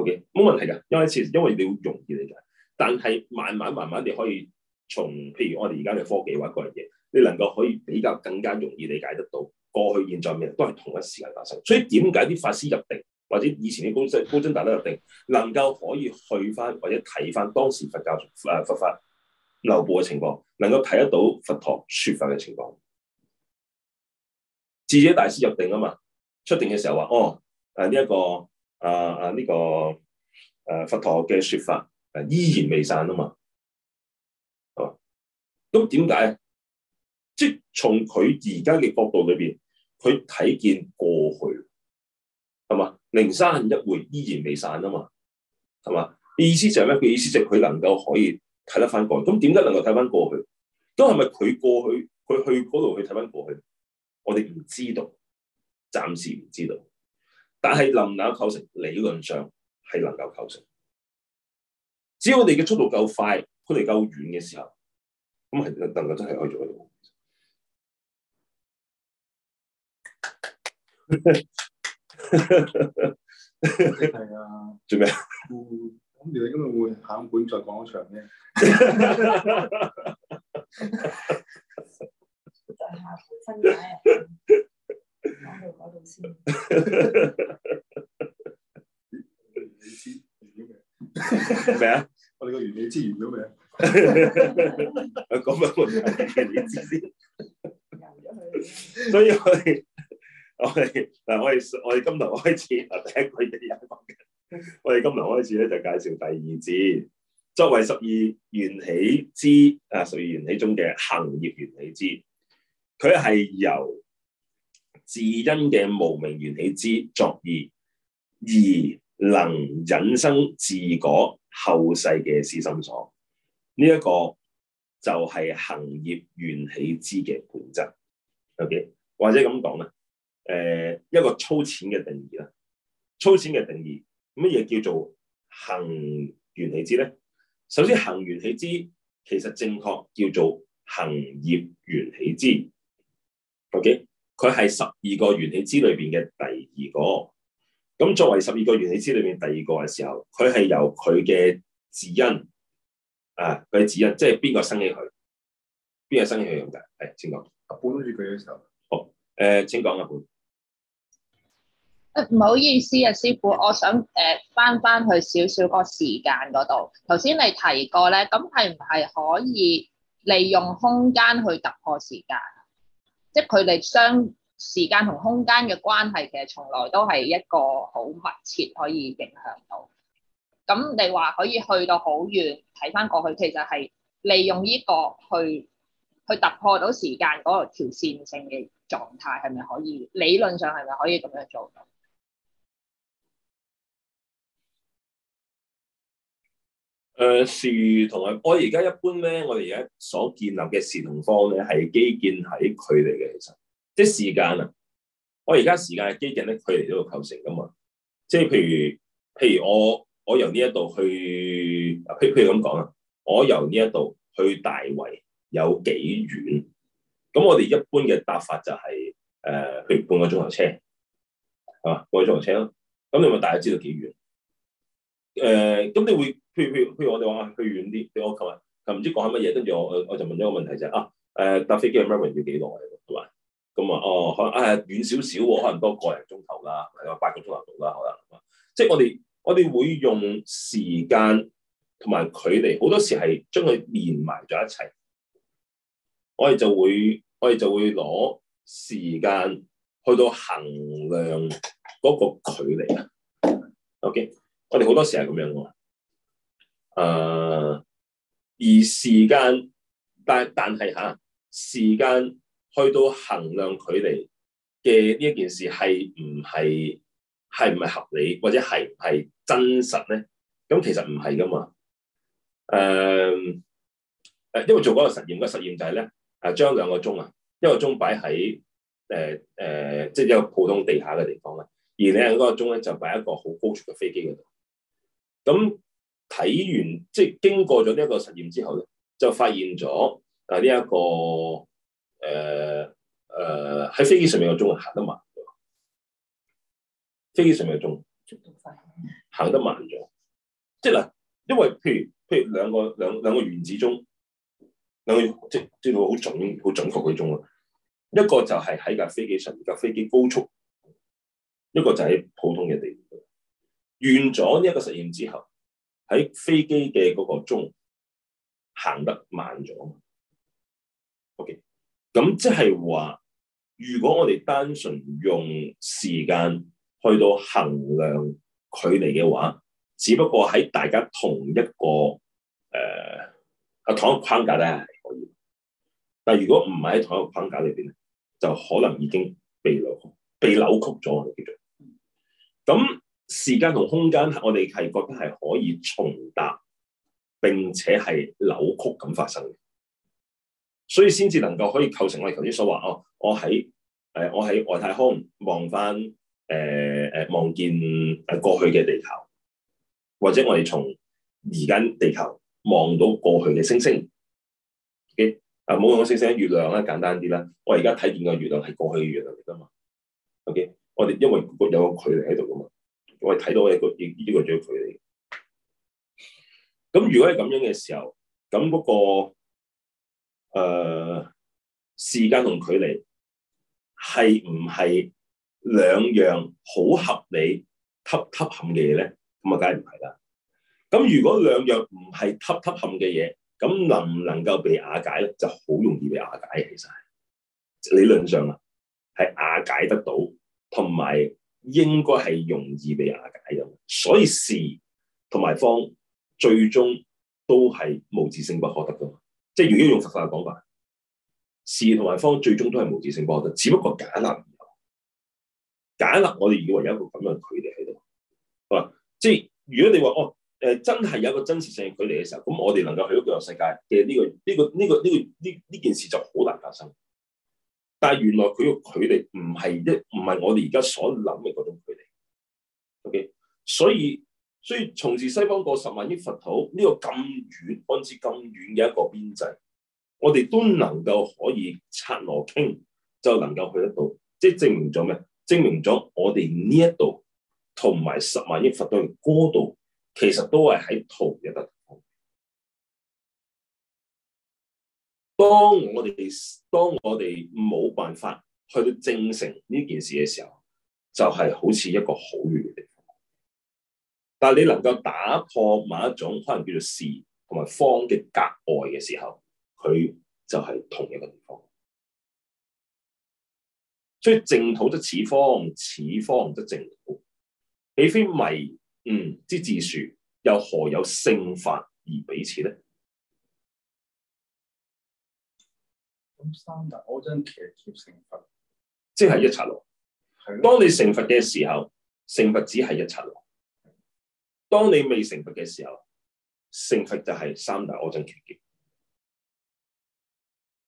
S1: o、okay，冇問題噶，因為始，因為你要容易理解，但係慢慢慢慢地你可以從，譬如我哋而家嘅科技或者嗰樣嘢，你能夠可以比較更加容易理解得到過去、現在、未來都係同一時間發生。所以點解啲法師入定或者以前啲高僧高僧大德入定，能夠可以去翻或者睇翻當時佛教誒、呃、佛法流布嘅情況，能夠睇得到佛陀説法嘅情況。智者大師入定啊嘛，出定嘅時候話：哦，誒呢一個。啊啊！呢、啊這個誒、啊，佛陀嘅說法誒、啊，依
S2: 然未散啊嘛。哦，咁點解？即係
S1: 從佢而家嘅角度裏邊，佢睇見過去係嘛？靈山一會依然未散啊嘛，係嘛？意思就係咩？個意思就係佢能夠可以睇得翻過去。咁點解能夠睇翻過去？都係咪佢過去佢去嗰度去睇翻過去？我哋唔知道，暫時唔知道。但係能唔能夠構成，理論上係能夠構成，構成只要我哋嘅速度夠快，佢哋夠遠嘅時候，咁係能夠真係可以做到。
S3: 係啊 什麼，做 咩 心？咁住你今日會喺本座講一場咩？哈哈哈哈哈！講到講到先，咩啊？我哋個緣起支完咗未啊？咁樣我哋緣起先。
S1: 所以我哋我哋嗱，我哋我哋今日開始啊，第一句嘢講緊。我哋今日開始咧，就介紹第二支，作為十二緣起支啊，十二緣起中嘅行業緣起支，佢係由。自因嘅無明緣起支作意，而能引生自果後世嘅思心所，呢、這、一個就係行業緣起支嘅本質。O、okay? K，或者咁講啦，誒、呃，一個粗淺嘅定義啦，粗淺嘅定義，乜嘢叫做行緣起支咧？首先，行緣起支其實正確叫做行業緣起支。O K。佢係十二個緣起之裏邊嘅第二個，咁作為十二個緣起之裏邊第二個嘅時候，佢係由佢嘅自因啊，佢自因即係邊個生起佢？邊個生起佢用嘅？係、哎、請講。
S3: 半住佢嘅時候。好，誒、呃、請講一半。誒唔好意思啊，師傅，我想誒翻翻去少少個時間嗰度。頭先你提過咧，咁係唔係可以利用空間去突破時間？即係佢哋相時間同空間嘅關係，其實從來都係一個好密切可以影響到。咁你話可以去到好遠睇翻過去，其實係利用呢個去去突破到時間嗰條線性嘅狀態，係咪可以？理論上係咪可以咁樣做到？
S2: 誒，
S1: 樹、呃、同埋我而家一般咧，我哋而家所建立嘅時同方咧，係基建喺距離嘅，其實即係時間啊。我而家時間嘅基建咧，距離呢度構成噶嘛？即係譬如譬如我我由呢一度去，譬如譬如咁講啊，我由呢一度去大圍有幾遠？咁我哋一般嘅答法就係、是、誒、呃，譬如半個鐘頭車啊，半個鐘頭車啦。咁你咪大約知道幾遠？誒咁、呃、你會，譬如譬如譬如我哋話去遠啲，譬如我琴日就唔知講緊乜嘢，跟住我我就問咗個問題就啊，誒搭飛機去 Marvin 要幾耐？係嘛、ah？咁、right? 啊哦，可能誒遠少少喎，可能多個零鐘頭啦，有八個鐘頭到啦，可能。啊啊、即係我哋我哋會用時間同埋距離，好多時係將佢連埋咗一齊。我哋就會我哋就會攞時間去到衡量嗰個距離、啊、OK。我哋好多時係咁樣嘅，誒、呃，而時間，但但係嚇、啊、時間去到衡量距離嘅呢一件事係唔係係唔係合理，或者係唔係真實咧？咁、嗯、其實唔係嘅嘛，誒、呃、誒，因為做嗰個實驗，個實驗就係咧，誒將兩個鐘啊，一個鐘擺喺誒誒，即、呃、係、呃就是、一個普通地下嘅地方啦，而另一個鐘咧就擺喺一個好高處嘅飛機嗰度。咁睇完即係經過咗呢一個實驗之後咧，就發現咗啊呢一個誒誒喺飛機上面嘅鐘行得慢，飛機上面嘅鐘速度快，行得慢咗。即係嗱，因為譬如譬如兩個兩兩個原子鐘，兩個即即係好準好準確嘅鐘啊，一個就係喺架飛機上面，架飛機高速，一個就喺普通嘅地。完咗呢一個實驗之後，喺飛機嘅嗰個鐘行得慢咗。OK，咁即係話，如果我哋單純用時間去到衡量距離嘅話，只不過喺大家同一個誒啊、呃、同一個框架咧係可以，但係如果唔喺同一個框架裏邊咧，就可能已經被扭曲，被扭曲咗我哋叫做咁。時間同空間，我哋係覺得係可以重疊，並且係扭曲咁發生，所以先至能夠可以構成我哋頭先所話哦。我喺誒、呃，我喺外太空望翻誒誒，望見誒過去嘅地球，或者我哋從而家地球望到過去嘅星星。O、OK? 啊，唔好用個星星，月亮啦，簡單啲啦。我而家睇見個月亮係過去嘅月亮嚟噶嘛？O K，我哋因為有個距離喺度噶嘛。我哋睇到係一個依依個最距離。咁如果係咁樣嘅時候，咁嗰、那個誒、呃、時間同距離係唔係兩樣好合理吸吸氹嘅嘢咧？咁啊，梗係唔係啦。咁如果兩樣唔係吸吸氹嘅嘢，咁能唔能夠被瓦解咧？就好容易被瓦解嘅，其實理論上啊係瓦解得到，同埋，應該係容易被瓦解嘅，所以事同埋方最終都係無自性不可得噶嘛。即係如果用佛法嘅講法，事同埋方最終都係無自性不可得。只不過假立，而假立我哋以為有一個咁樣嘅距離喺度。啊，即係如果你話哦，誒、呃、真係有一個真實性距離嘅時候，咁我哋能夠去到一個世界嘅呢、這個呢、這個呢、這個呢呢、這個這個、件事就好難發生。但係原來佢個距離唔係一唔係我哋而家所諗嘅嗰種距離，OK？所以所以從是西方過十萬億佛土呢個咁遠，看似咁遠嘅一個邊際，我哋都能夠可以拆羅傾，就能夠去得到，即係證明咗咩？證明咗我哋呢一度同埋十萬億佛土嘅高度，其實都係喺圖入得。
S2: 當我哋當我哋
S1: 冇辦法去證成呢件事嘅時候，就係、是、好似一個好遠嘅地方。但係你能夠打破某一種可能叫做事同埋方嘅格外嘅時候，佢就係同一個地方。所以淨土則此方，此方則淨土。豈非迷？嗯，之自殊，又何有勝法而彼此
S2: 呢？
S3: 三大阿僧祇劫成佛，
S1: 即係一尺路。的當你成佛嘅時候，成佛只係一尺路；的當你未成佛嘅時候，成佛就係
S3: 三大阿僧祇劫。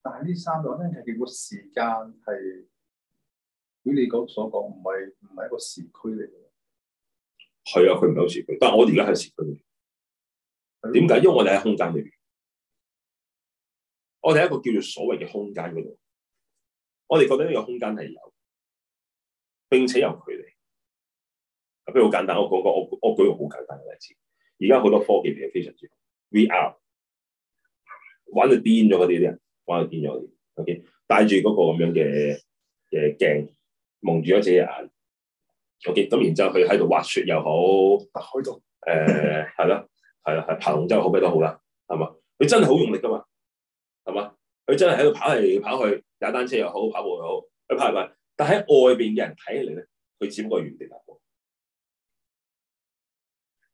S3: 但係呢三大咧，係個時間係，如你所講，唔係唔係一個時區嚟嘅。係啊，佢唔係個時區，
S2: 但係我哋而家喺時區嚟。
S3: 點解的？因為我哋喺
S2: 空間裏邊。我哋一個叫做所謂嘅空間嗰度，我哋覺得呢個空間係有，並且有距離。
S1: 啊，譬如好簡單，我講個我我舉個好簡單嘅例子。而家好多科技其實非常之 VR，玩到癲咗嗰啲啲人，玩到癲咗嗰啲。OK，戴住嗰個咁樣嘅嘅鏡，蒙住咗隻眼。OK，咁然之後佢喺度滑雪又好，開凍、 呃。誒，係啦，係啦，係爬龍舟好咩都好啦，係嘛？佢真係好用力噶嘛。係嘛？佢真係喺度跑嚟跑去，踩單車又好，跑步又好，佢跑嚟跑去。但喺外邊嘅人睇起嚟咧，佢只不過係原地踏步。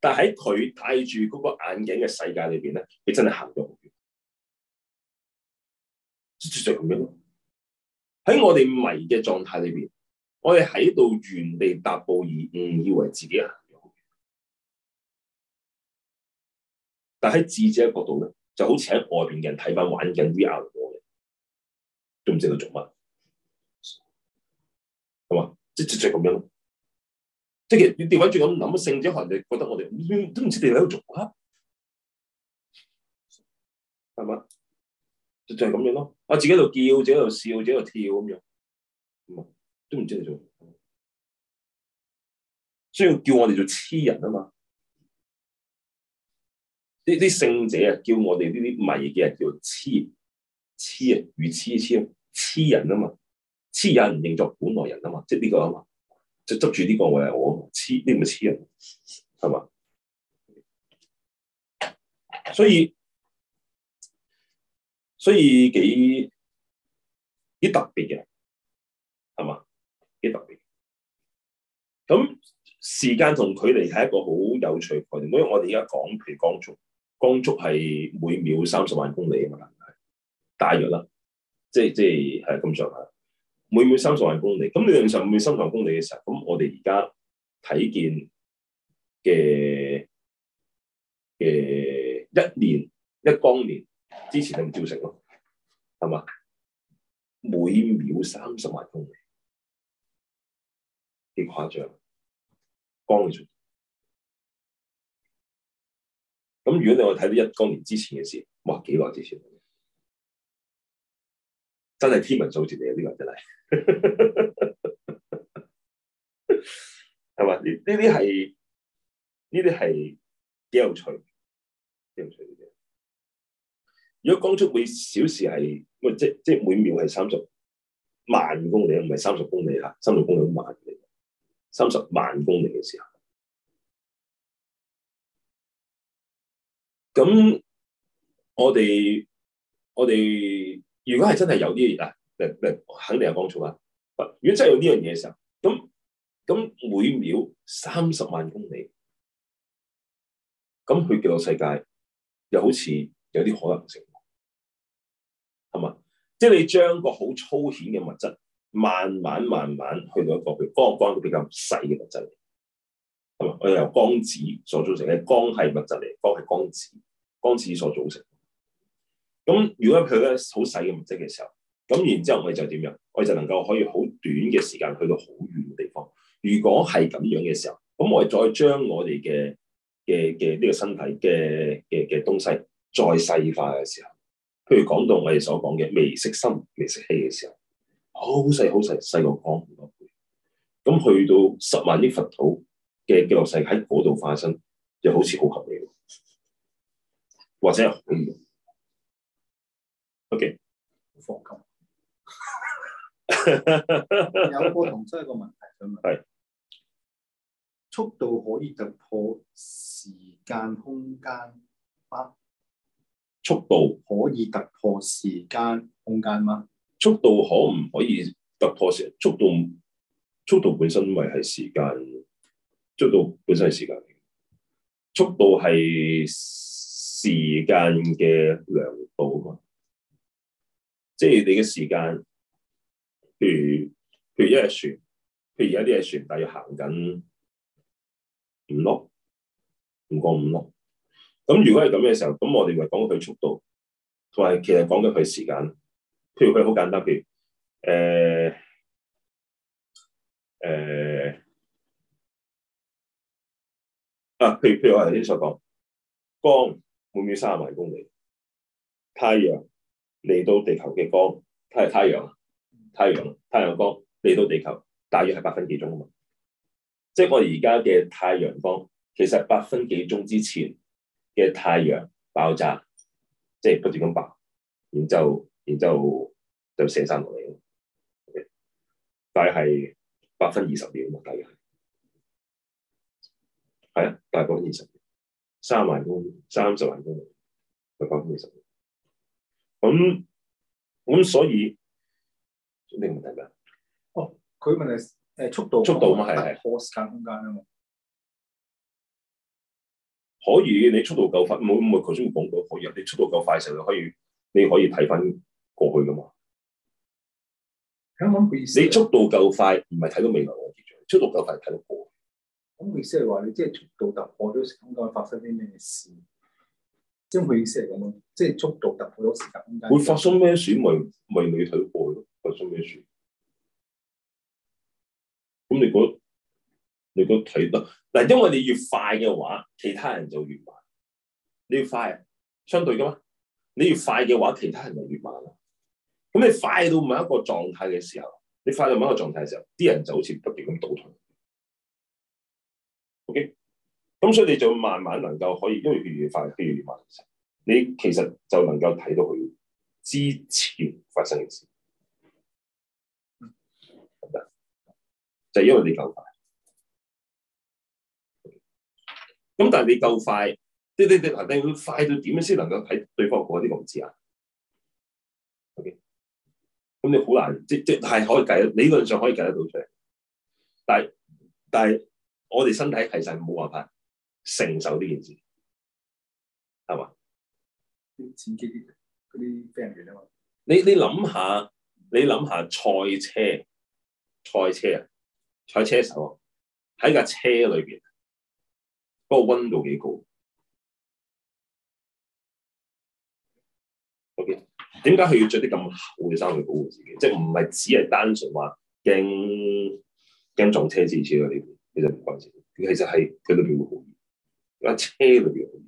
S1: 但喺佢戴住嗰個眼鏡嘅世界裏邊咧，
S2: 佢真係行咗好遠。就咁樣咯。喺我哋迷嘅狀態裏邊，我哋喺度原地踏步而誤以為自己行咗好遠。但喺智者角度咧。就好似喺外邊人睇翻玩緊 VR 嘅，都唔知佢做乜，係嘛？即係即係咁樣，即係
S1: 你調翻轉咁諗性，之後人哋覺得我哋都唔知你喺度做乜，係嘛？就係咁樣咯。我自己喺度叫，自己喺度笑，自己喺度
S2: 跳咁樣，都唔知你做。
S1: 所以要叫我哋做黐人啊嘛。呢啲聖者啊，叫我哋呢啲迷嘅人叫黐黐人，如黐黐黐人啊嘛，黐人唔認作本來人啊嘛，即係呢個啊嘛，就執住呢個為我黐，呢個黐人係嘛？所以
S2: 所以幾幾特
S1: 別嘅係嘛？幾特別？咁時間同距離係一個好有趣嘅概念，因為我哋而家講，譬如講從。光速係每秒三十萬公里啊嘛，大約啦，即係即係係咁上下。每秒三十萬公里，咁你用上每秒三十萬公里嘅時候，咁我哋而家睇見嘅嘅一年
S2: 一光年之前就照成咯，係嘛？每秒三十萬公里，幾誇張？光嘅速度。咁、嗯、如果你我睇到一光年之前嘅事，哇！幾耐之前真係天文數字嚟啊！呢、呢個真係， 係嘛？呢呢
S1: 啲係呢啲係幾有趣，幾有趣嘅。如果光速每小時係唔係即即每秒係三十萬公里唔係三十公里啊，三十公里萬公里，三十萬公里嘅時
S2: 候。咁
S1: 我哋我哋如果係真係有啲，啊，零零肯定有幫助啦。如果真係有呢樣嘢嘅時候，咁咁每秒
S2: 三十萬公里，咁去叫嘅世界又好似
S1: 有啲可能性，係嘛？即係你將個好粗淺嘅物質，慢慢慢慢去到一個佢光光都比較細嘅物質。係嘛？我哋由光子所組成嘅光係物質嚟，光係光子，光子所組成。咁如果佢咧好細嘅物質嘅時候，咁然之後我哋就點樣？我哋就能夠可以好短嘅時間去到好遠嘅地方。如果係咁樣嘅時候，咁我哋再將我哋嘅嘅嘅呢個身體嘅嘅嘅東西再細化嘅時候，譬如講到我哋所講嘅微色心、微色氣嘅時候，好細、好細、細過光咁去到十萬億佛土。嘅嘅個世界喺嗰度發生，又好似好合理。或者，嗯
S2: ，OK，放鴿，有個東西
S3: 個問題想問嘛。係是，速度可以突破時間空間嗎？速度，速度可以突破時間空間嗎？速度可唔可以突破時？速度速度本身咪係時間，
S1: 速度本身係時間嚟嘅，速度係時間嘅量度啊嘛。即係你嘅時間，譬如譬如一隻船，譬如有一啲隻船大約，但係行緊五六，唔過五六。咁如果係咁嘅時候，咁我哋咪
S2: 講佢速度，同埋其實講緊佢時間。譬如佢好簡單啲，誒誒。呃呃啊，譬如譬如我頭先所講，光每秒三十萬公里，
S1: 太陽嚟到地球嘅光，係太陽，太陽，太陽光嚟到地球，大約係八分幾鐘啊嘛。即係我而家嘅太陽光，其實八分幾鐘之前嘅太陽爆炸，即係不斷咁爆，然之後，然之後就射晒落嚟。大
S2: 約係八分二十秒啊嘛。大約係啊，大概二十，三萬公里，三十
S3: 萬公里，大概二十。咁、嗯、咁、嗯，所以你唔明啊？哦，佢問題，誒速度、速度啊嘛，係啊，拖時間空間啊嘛。可以，你速度夠
S1: 快，冇冇頭先講到。可以你速度夠快時，就可以你可以睇翻過去噶嘛？你速度夠快，唔係睇到未來嘅結局，速度夠快睇到過去。
S3: 咁意思係話你即係速度突破咗時間空間發生啲咩事？即係佢意思係咁咯，即係速度突破咗時間空間，會發生
S1: 咩事？咪咪你睇過咯，發生咩事？咁你覺得你覺得睇得嗱？因為你越快嘅話，其他人就越慢。你要快，相對噶嘛？你越快嘅話，其他人就越慢啦。咁你快到某一個狀態嘅時候，你快到某一個狀態嘅時候，啲人就好似不斷咁倒退。O.K.，咁所以你就慢慢能夠可以，因為越嚟越快，譬如越慢。你其實就能夠睇到佢之前發生嘅事。嗯，
S2: 得，就因為你夠快。咁但係你夠快，即係即係，但係佢快到點先能夠睇
S1: 對方嗰啲，我唔知啊。O.K.，咁你好難，即係即係可以計，理論上可以計得到出嚟。但係，但係。我哋身體其實冇辦法承受呢件事，係嘛？啲
S3: 錢機啲嗰啲兵員啊嘛。
S1: 你你諗下，你諗下賽車，賽車啊，賽車手啊，喺架車裏
S2: 邊，嗰個溫度幾高
S1: ？OK，點解佢要着啲咁厚嘅衫去保護自己？即係唔係只係單純話驚驚撞車致死啊？其實唔關事，其實係佢裏邊會好熱，架車裏邊好熱，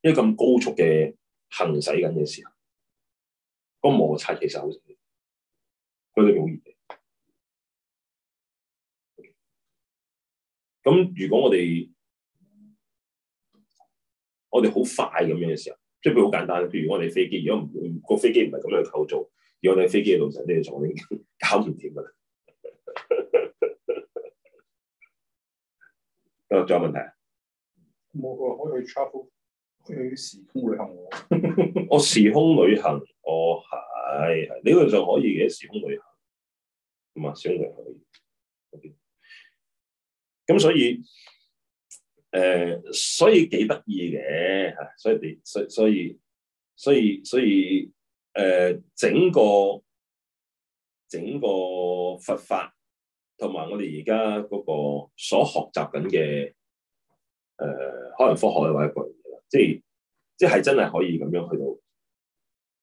S1: 因為咁高速嘅
S2: 行駛緊嘅時候，個摩擦其實好，佢裏邊好熱。咁
S1: 如果我哋，我哋好快咁樣嘅時候，即係佢好簡單，譬如我哋飛機，如果唔個飛機唔係咁樣構造，如果喺飛機嘅路上都要坐緊，搞唔掂噶啦。 仲有問題？
S3: 我可以 travel 去時空旅行喎。
S1: 我時空旅行，我係理論上可以嘅時空旅行，咁啊，時空旅行。咁、哦、所以誒、呃，所以幾得意嘅，所以所以所以所以所以誒、呃，整個整個佛法。同埋我哋而家嗰個所學習緊嘅，誒、呃，可能科學或者個人嘅，即係即係真係可以咁樣去到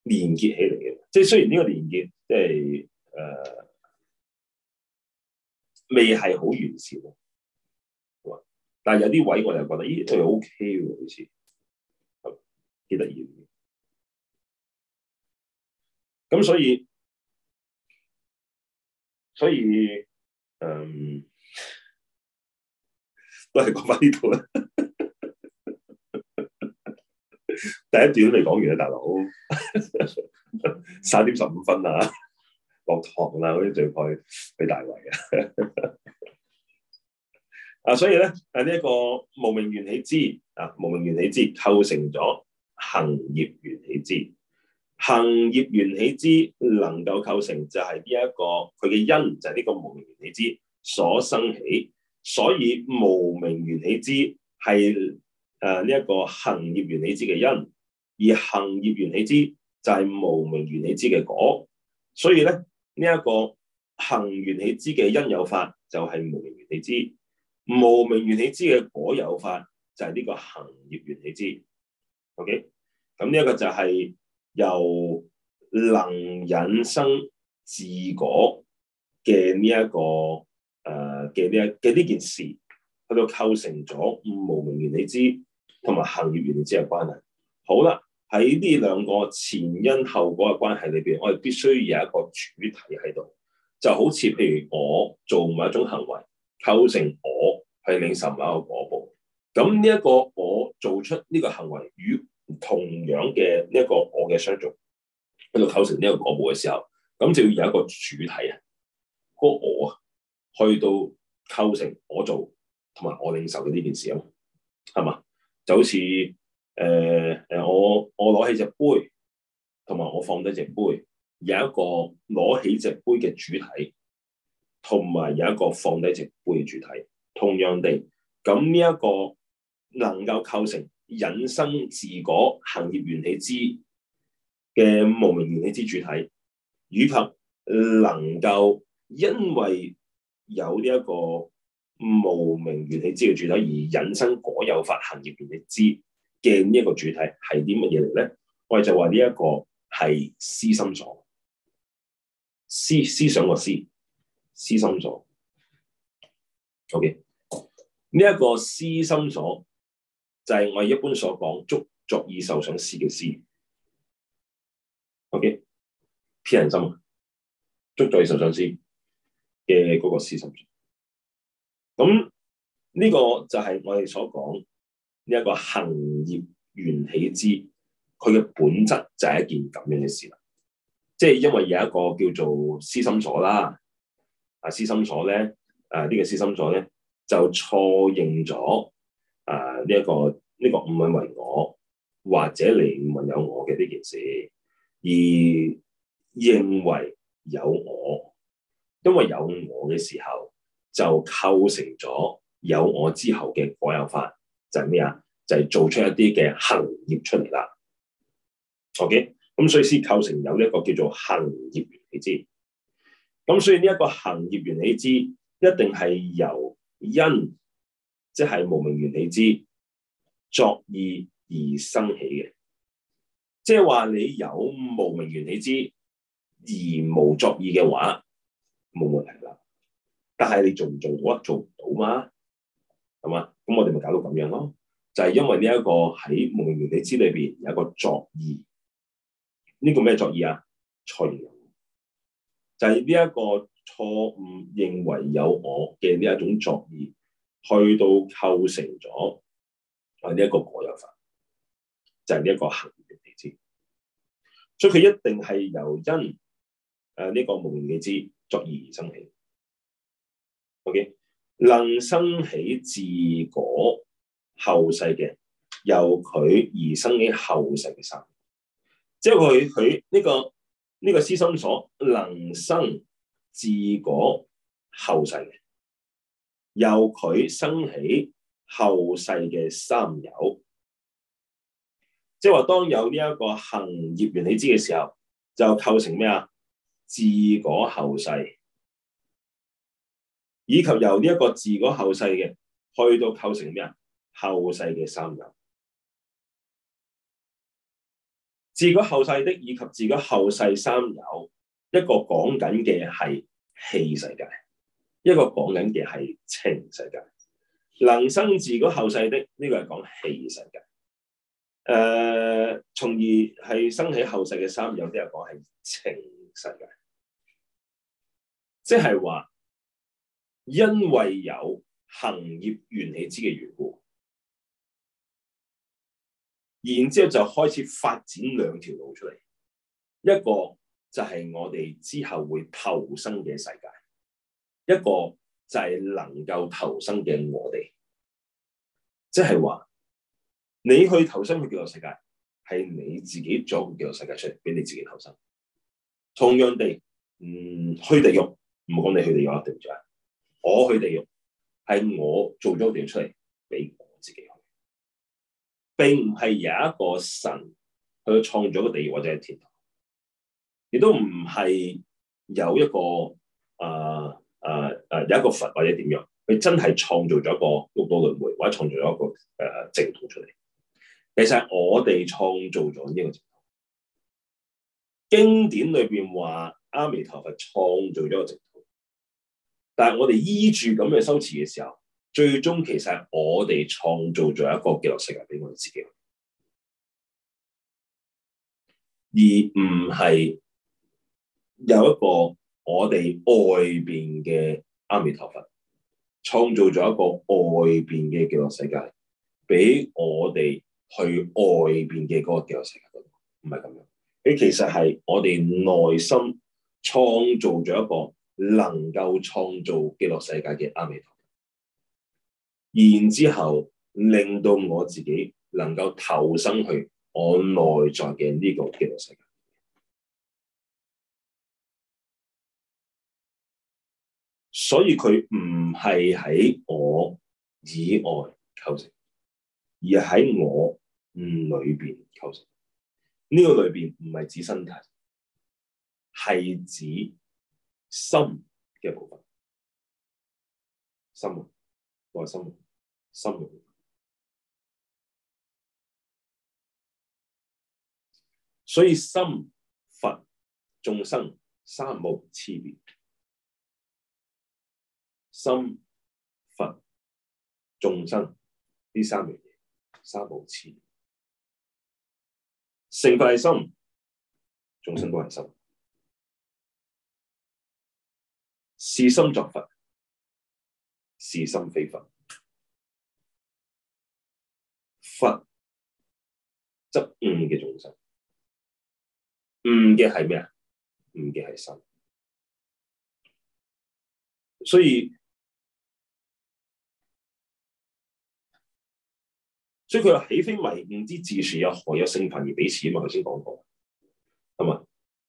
S1: 連結起嚟嘅，即係雖然呢個連結即係誒、
S2: 呃、未係好完善，係但係有啲位我又覺得，咦、哎，對，O K 嘅，好似，幾得意，咁所以所以。所以
S1: 嗯，都係講翻呢度啦。第一段未講完啊，大佬， 三點十五分啊，落堂啦，跟住再派去大圍啊。圍啊， 啊，所以咧，誒呢一個無明緣起支啊，無明緣起支構成咗行業緣起支。行業緣起支能夠構成，就係呢一個佢嘅因就係呢個無明緣起支所生起，所以無明緣起支係誒呢一個行業緣起支嘅因，而行業緣起支就係無明緣起支嘅果，所以咧呢一個行業緣起支嘅因有法就係無明緣起支，無明緣起支嘅果有法就係呢個行業緣起支。OK，咁呢一個就係。又能引生自果嘅呢一個誒嘅呢一嘅呢件事，去到構成咗無明緣起支同埋行業緣起支嘅關係。好啦，喺呢兩個前因後果嘅關係裏邊，我哋必須有一個主體喺度，就好似譬如我做某一種行為，構成我係領受某個果報。咁呢一個我做出呢個行為與同樣嘅呢一個我嘅商組去到構成呢個我做嘅時候，咁就要有一個主體啊。嗰、這個我啊，去到構成我做同埋我領受嘅呢件事啊，係嘛？就好似誒誒，我我攞起隻杯，同埋我放低隻杯，有一個攞起隻杯嘅主體，同埋有一個放低隻杯嘅主體。同樣地，咁呢一個能夠構成。引生自果行業緣起支嘅無明緣起支主體，於彼能夠因為有呢一個無明緣起支嘅主體而引生果有法行業緣起支嘅呢一個主體係啲乜嘢嚟咧？我哋就話呢一個係思心所，思，思想個思，思心所。OK，呢一個思心所。就係我一般所講，觸作意受想思嘅思，O K，遍行心，觸作意受想思嘅嗰個思心，咁呢、這個就係我哋所講呢一個行業緣起支，佢嘅本質就係一件咁樣嘅事啦，即係因為有一個叫做思心所啦，啊思心所咧，啊、呃這個、呢個思心所咧就錯認咗。誒，呢一、uh，這個呢、這個唔問、這個嗯、為我，或者你唔問有我嘅呢件事，而認為有我，因為有我嘅時候就構成咗有我之後嘅果有法，就係咩啊？ 就係做出一啲嘅行業出嚟啦。o、okay？嘅，咁所以先構成有一個叫做行業緣起支，咁所以呢一個行業緣起支一定係由因。即係無明緣起支作意而生起嘅，即係話你有無明緣起支而無作意嘅話冇問題啦。但係你做唔做到啊？做唔到嘛？係嘛？咁我哋咪搞到咁樣咯。就係因為呢一個喺無明緣起支裏邊有一個作意，呢個咩作意啊？錯認，就係呢一個錯誤認為有我嘅呢一種作意。去到構成咗呢一個果有法，就係呢一個行業緣起支，所以佢一定係由因誒呢個無明緣起支作意而，而生起。OK，能生起自果後世嘅，由佢而生起後世嘅三有，即係佢佢呢個呢個呢個思心所能生自果後世嘅。由佢生起後世嘅三有，即係話，當有呢一個行業緣起支嘅時候，就構成咩啊？自果後世，以及由呢一個自果後世嘅，去到構成咩啊？後世嘅三有，自果後世的以及自果後世三有，一個講緊嘅係氣世界。一個講緊嘅係情世界，能生自果後世的呢，這個係講氣世界，誒、呃，從而係生起後世嘅三，有啲人講係情世界，即係話，因為有行業緣起支嘅緣故，然之後就開始發展兩條路出嚟，一個就係我哋之後會投生嘅世界。一個就係能夠投生嘅我哋，即係話你去投生，去叫做世界，係你自己做個叫做世界出嚟俾你自己投生。同樣地，嗯，去地獄，唔好講你去地獄一定咗，我去地獄係我，我做咗地獄出嚟俾我自己去，並唔係有一個神去創造一個地獄或者天堂，亦都唔係有一個啊。呃誒誒，uh, uh, 有一個佛或者點樣，佢真係創造咗一個六道輪回，或者創造咗一個誒淨土出嚟。其實我哋創造咗呢個淨土。經典裏邊話阿彌陀佛創造咗個淨土，但係我哋依住咁嘅修持嘅時候，最終其實係我哋創造咗一個極樂世界俾我自己，而唔係有一個。我哋外邊嘅阿彌陀佛，創造咗一個外邊嘅極樂世界，俾我哋去外邊嘅嗰個極樂世界度，唔係咁樣。佢其實係我哋內心創造咗一個能夠創造極樂世界嘅阿彌陀佛，然之後令到我自己能夠投生去我內
S2: 在嘅呢個極樂世界。
S1: 所以佢唔係喺我以外構成，而係喺我嗯裏邊構成。呢、這個裏邊唔係指身體，係指
S2: 心嘅部分，心、外心、心、心。所以心佛眾生三無差別。心、佛、眾生，呢三樣嘢，三無差別。成佛係心，眾生都係心。是心作佛，是心非佛。佛則悟嘅眾生，悟嘅係咩啊？悟嘅係心，所以。所以佢話起飛迷悟知自樹有何有聖凡而俾錢嘛？頭先講過係嘛？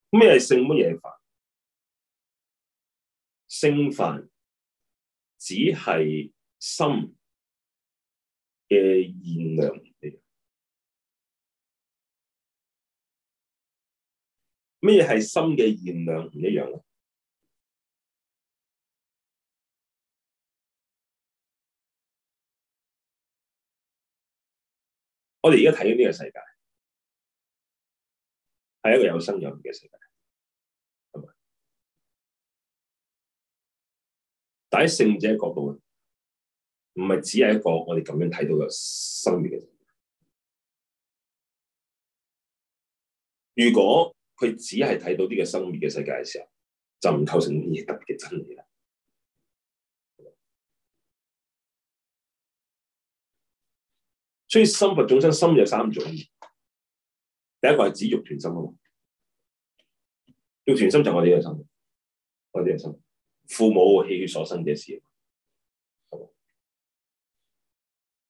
S2: 咩係聖，乜嘢凡？聖凡只係心嘅現量。唔一，咩係心嘅現量唔一樣咧？我哋而家睇緊呢個世界，係一個有生有滅嘅世界，係咪？但喺聖者角度，唔係只係一個我哋咁樣睇到嘅生滅世界嘅。如果佢只係睇到呢個生滅嘅世界嘅時候，就唔構成呢嘢特別嘅真理啦。所以心佛眾生，心有三種，第一個係指肉團心啊嘛，肉團心就我哋呢個心，我哋呢
S1: 個心，父母氣血所生嘅、就、事、是。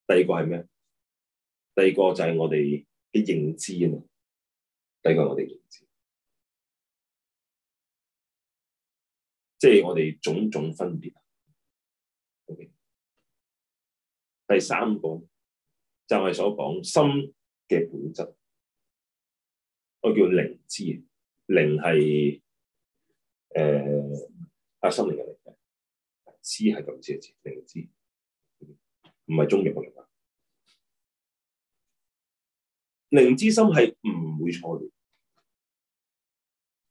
S1: 第二個係咩？第二個就係我哋嘅認知啊嘛，
S2: 第二個我哋認知，即係我哋、就是、種種分別。Okay? 第三個。就係所講心嘅本質，我叫靈知，靈係誒啊心靈嘅靈，知係咁知嘅知，靈知唔係中藥嘅靈啊。靈知心係唔會錯亂，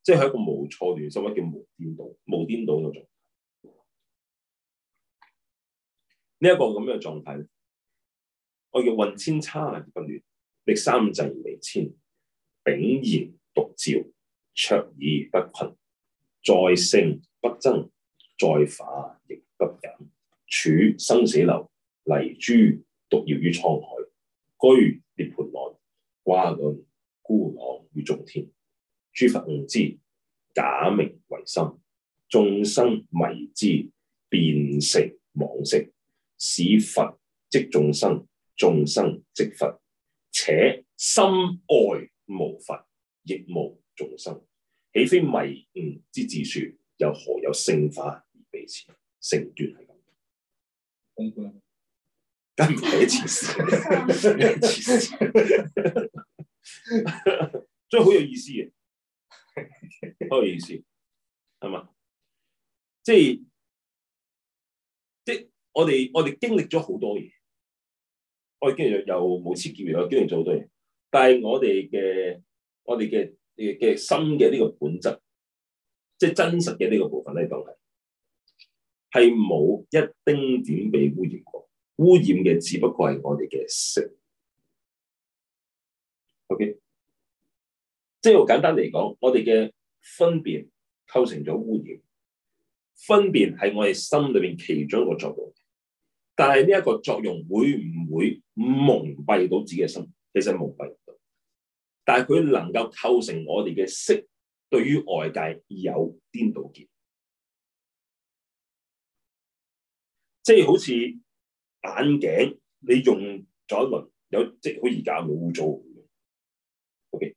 S2: 即係一個無錯亂心，或者叫無顛倒、無顛倒嘅狀態。呢、這、一個咁樣嘅狀態。
S1: 我欲云千差，而不亂歷三際未彌遷。炳然獨照，卓爾不群。在聖不增，再化亦不減。處生死流，泥珠獨搖於滄海。居涅盤岸，瓜論孤朗於中天。諸佛無知假名為心，眾生迷之變成妄識，使佛即眾生。 眾生即佛，且心外無佛，亦無眾生，豈非迷悟之自說？又何有聖化而彼此成段？係咁，咁唔係一次事，一次事。真係 好有意思嘅，好有意思，係嘛、就是？即係即係我哋我哋經歷咗好多嘢。我經營又冇見面，又經營咗好多嘢。但係我哋嘅，我哋嘅嘅心嘅呢個本質，即係真實嘅呢個部分咧，當係係冇一丁點被污染過。污染
S2: 嘅只不過係我哋嘅識。OK，即
S1: 係我簡單嚟講，我哋嘅分別構成咗污染。分別係我哋心裏面其中一個作用。但係呢一個作用會唔會蒙蔽到自己嘅心？其實蒙蔽唔到，但係佢能夠構成我哋嘅色。對於外界有顛倒見，
S2: 即係好似眼鏡，
S1: 你用咗一輪，有即係好而家冇污糟。O K，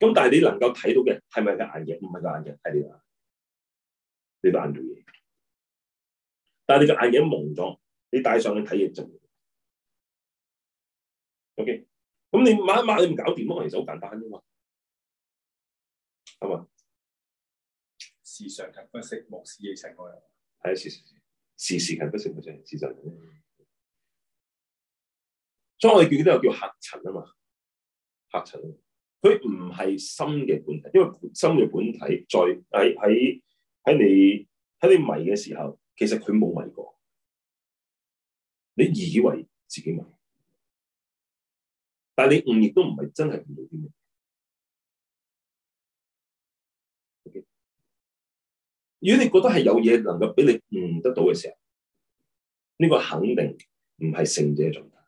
S1: 咁但係你能夠睇到嘅係咪個眼鏡？唔係個眼鏡，係你個眼，
S2: 你個眼度嘢。但係你個眼鏡蒙咗。你帶上去睇嘢就 OK，咁你抹一抹，你唔搞掂咯，其實好簡單噶嘛。咁啊，時時勤拂拭，莫使惹塵埃。係啊，時時時時勤拂拭，莫使惹塵埃。
S1: 所以我，我哋叫呢個叫客塵啊嘛，客塵。佢唔係心嘅本體，因為心嘅本體在喺喺喺你喺你迷嘅時候，其實佢冇迷過。你以
S2: 為自己明，但係你悟亦都唔係真係悟到啲咩。Okay? 如果你覺得係有嘢能夠俾你悟得到嘅時候，呢、這個肯定唔係聖者狀態，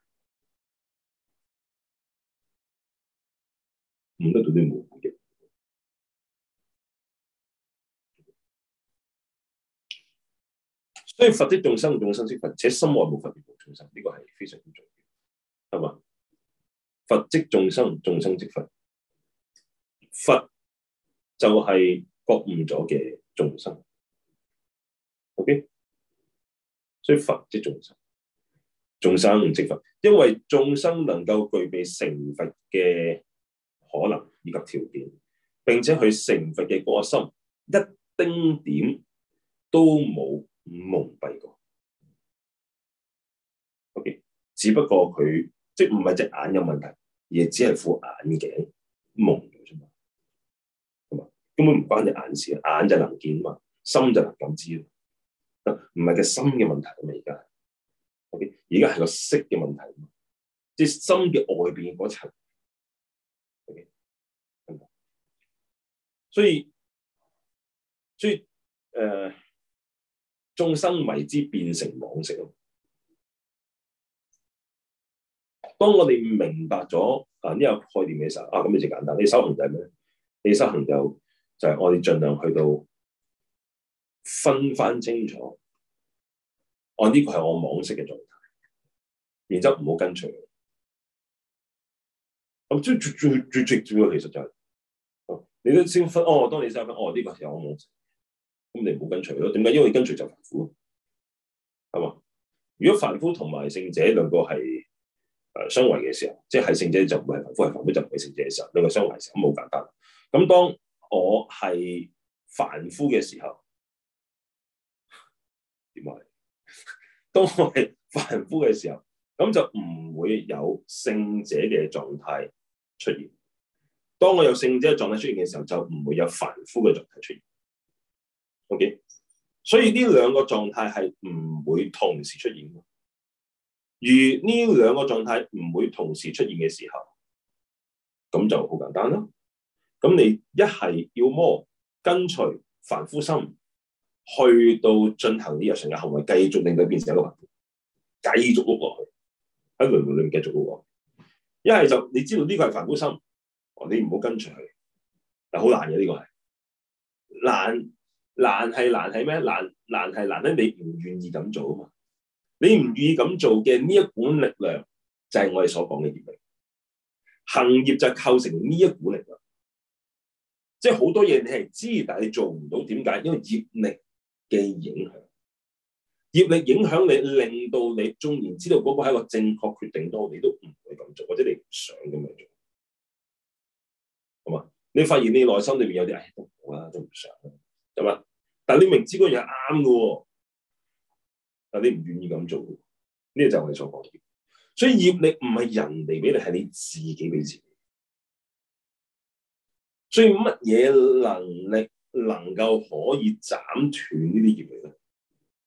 S2: 悟得到啲無明嘅。Okay? 所以佛的眾生，眾生是佛，且心外冇佛的。呢個係非常之重要，係嘛？佛即眾生，眾生即佛。佛就係覺悟咗嘅眾生。Okay? 所以佛即眾生，
S1: 眾生唔即佛。因為眾生能夠具備成佛嘅可能以及條件，並且佢成佛嘅個心一丁點
S2: 都冇蒙蔽過。
S1: 只不過佢即係唔係隻眼有問題，而係只係副眼鏡蒙咗啫嘛，係嘛？根本唔關隻眼事。眼就能見嘛，心就能感知咯。唔係隻心嘅問題啊，而家，O K，而家係
S2: 個色嘅問題啊，即係心嘅外邊嗰層，所以，所以，誒、呃，眾生為之變成妄色咯。
S1: 當我哋明白咗啊呢、這個概念嘅時候，啊咁你就簡單，你修行就係咩？你修行就就係我哋盡量去到分翻清楚，按、啊、呢、這個係我妄識嘅狀態，
S2: 然之後唔好跟隨。咁最最最最主要
S1: 嘅其實就係、是啊，你都先分哦、啊，當你先分哦呢個係我妄識，咁你唔好跟隨咯。點解？因為你跟隨就凡夫，係嘛？如果凡夫同埋聖者兩個係。誒、呃，相違嘅時候，即係聖者就唔係凡夫，係凡夫就唔係聖者嘅時候，兩個相違嘅時候咁好簡單。咁當我係凡夫嘅時候，點啊？當我係凡夫嘅時候，咁就唔會有聖者嘅狀態出現。當我有聖者嘅狀態出現嘅時候，就唔會有凡夫嘅狀態出現。Okay，所以呢兩個狀態係唔會同時出現。如呢兩個狀態唔會同時出現嘅時候，咁就好簡單啦。咁你一係要，要麼跟隨凡夫心，去到進行呢日常嘅行為，繼續令佢變成一個凡夫，繼續碌落去，喺輪迴裏面繼續碌落去。一係就你知道呢個係凡夫心，哦，你唔好跟隨佢，但係好難嘅，呢個係難，難係難係咩？難難係難喺你唔願意咁做啊嘛。你唔願意咁做嘅呢一股力量，就係我哋所講嘅業力。行業就構成呢一股力量，即係好多嘢你係知，但係你做唔到，點解？因為業力嘅影響，業力影響你，令到你，縱然知道嗰個係一個正確決定，都你都唔會咁做，或者你唔想咁樣做，係嘛？你發現你內心裏邊有啲唉、哎，都唔好啦，都唔想啦，係嘛？但係你明知嗰樣係啱嘅。嗱，你唔願意咁做，呢就係我哋所講嘅業。所以業力唔係人哋俾你，係你自己俾自己。所以乜嘢能力能夠可以斬斷呢啲業力咧？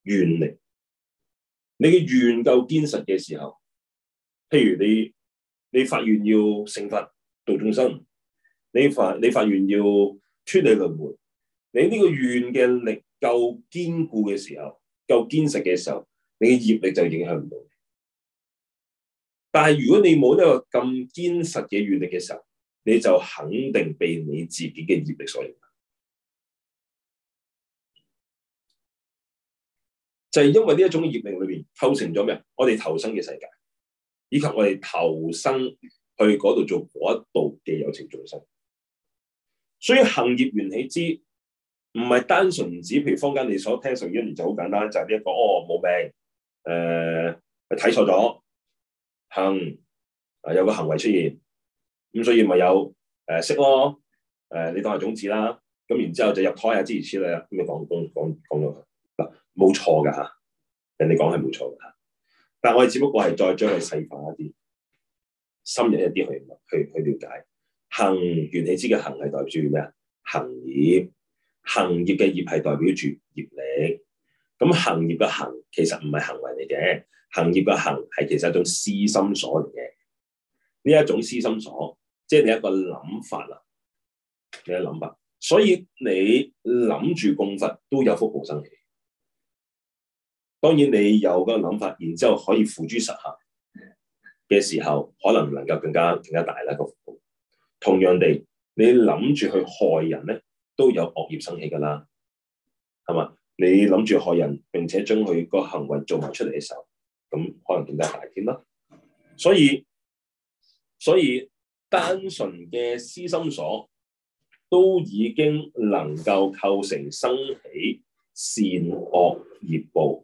S1: 願力，你嘅願夠堅實嘅時候，譬如你你發願要成佛度眾生，你發你發願要脫離輪迴，你呢個願嘅力夠堅固嘅時候。夠堅實嘅時候，你嘅業力就影響唔到。但係如果你冇呢個咁堅實嘅願力嘅時候，你就
S2: 肯定被你自己嘅業力所影響。就係、
S1: 是、因為呢一種業力裏邊構成咗咩？我哋投生嘅世界，以及我哋投生去嗰度做嗰一度嘅有情眾生。所以行業緣起支，唔係單純指，譬如坊間你所聽上一年就好簡單，就係呢一個哦無明，誒睇錯咗行，誒有個行為出現，咁所以咪有誒、呃、識咯，誒、呃、你當係種子啦，咁然之後就入胎啊諸如此類啊，咁你講講講講到佢嗱，冇錯噶嚇，人哋講係冇錯噶，但我哋只不過係再將佢細化一啲，深入一啲去去去，去了解行緣起支嘅行係代表住咩啊？行業。行業嘅業係代表住業力，咁行業嘅行其實唔係行為嚟嘅，行業嘅行係其實一種思心所嚟嘅。呢一種思心所，即係你一個諗法啦，你嘅諗法，所以你諗住供佛都有福報生起，當然你有個諗法，然之之後可以付諸實行嘅時候，可能能夠更加更加大啦，嗰個福報。同樣地，你諗住去害人咧，都有惡業生起噶啦，係嘛？你諗住害人，並且將佢個行為做埋出嚟嘅時候，咁可能更加大添啦。所以，所以單純嘅思心所都已經能夠構成生起善惡業報。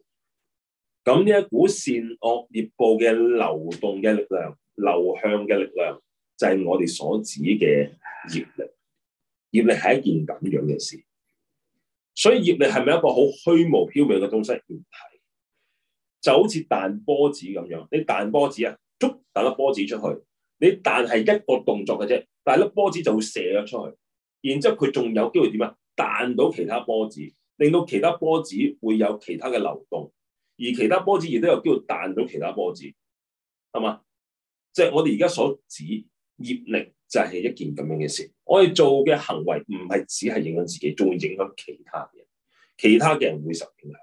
S1: 咁呢一股善惡業報嘅流動嘅力量，流向嘅力量，就係我哋所指嘅業力。業力係一件咁樣嘅事，所以業力係咪一個好虛無縹緲嘅東西？唔係，就好似彈波子咁樣，你彈波子啊，捉彈粒波子出去，你彈係一個動作嘅啫，但粒波子就會射咗出去，然之後佢仲有機會點啊？彈到其他波子，令到其他波子會有其他嘅流動，而其他波子亦都有機會彈到其他波子，係嘛？即係我哋而家所指業力。就係一件咁樣嘅事，我哋做嘅行為唔係只係影響自己，仲會影響其他嘅人。其他嘅人會受影響，